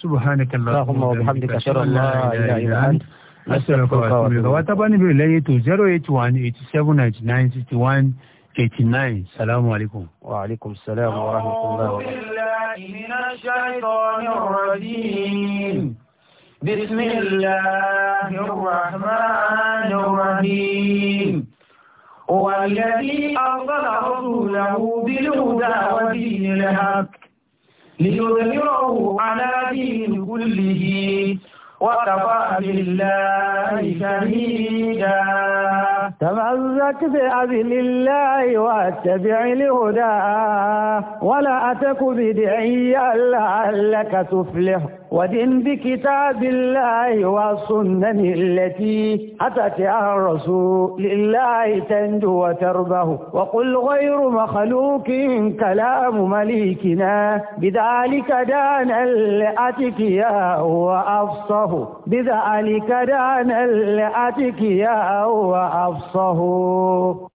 subhanaka allahumma wa bihamdika ashhadu an la ilaha illa anta astaghfiruka wa atubu ilayk wa tabani بسم الله الرحمن الرحيم هو الذي أرسل رسوله بالهدى ودين الحق ليظهره على دين كله وكفى بالله شهيدا تمزك بأذن الله واتبع لهداه ولا أتك بدعيا لعلك تفلح ودن بكتاب الله والسنن التي أتت عن رسول الله تنجو وتربه وقل غير مخلوق كلام مليكنا بذلك دان هو وأفصه بذلك دان هو وأفصه نفسه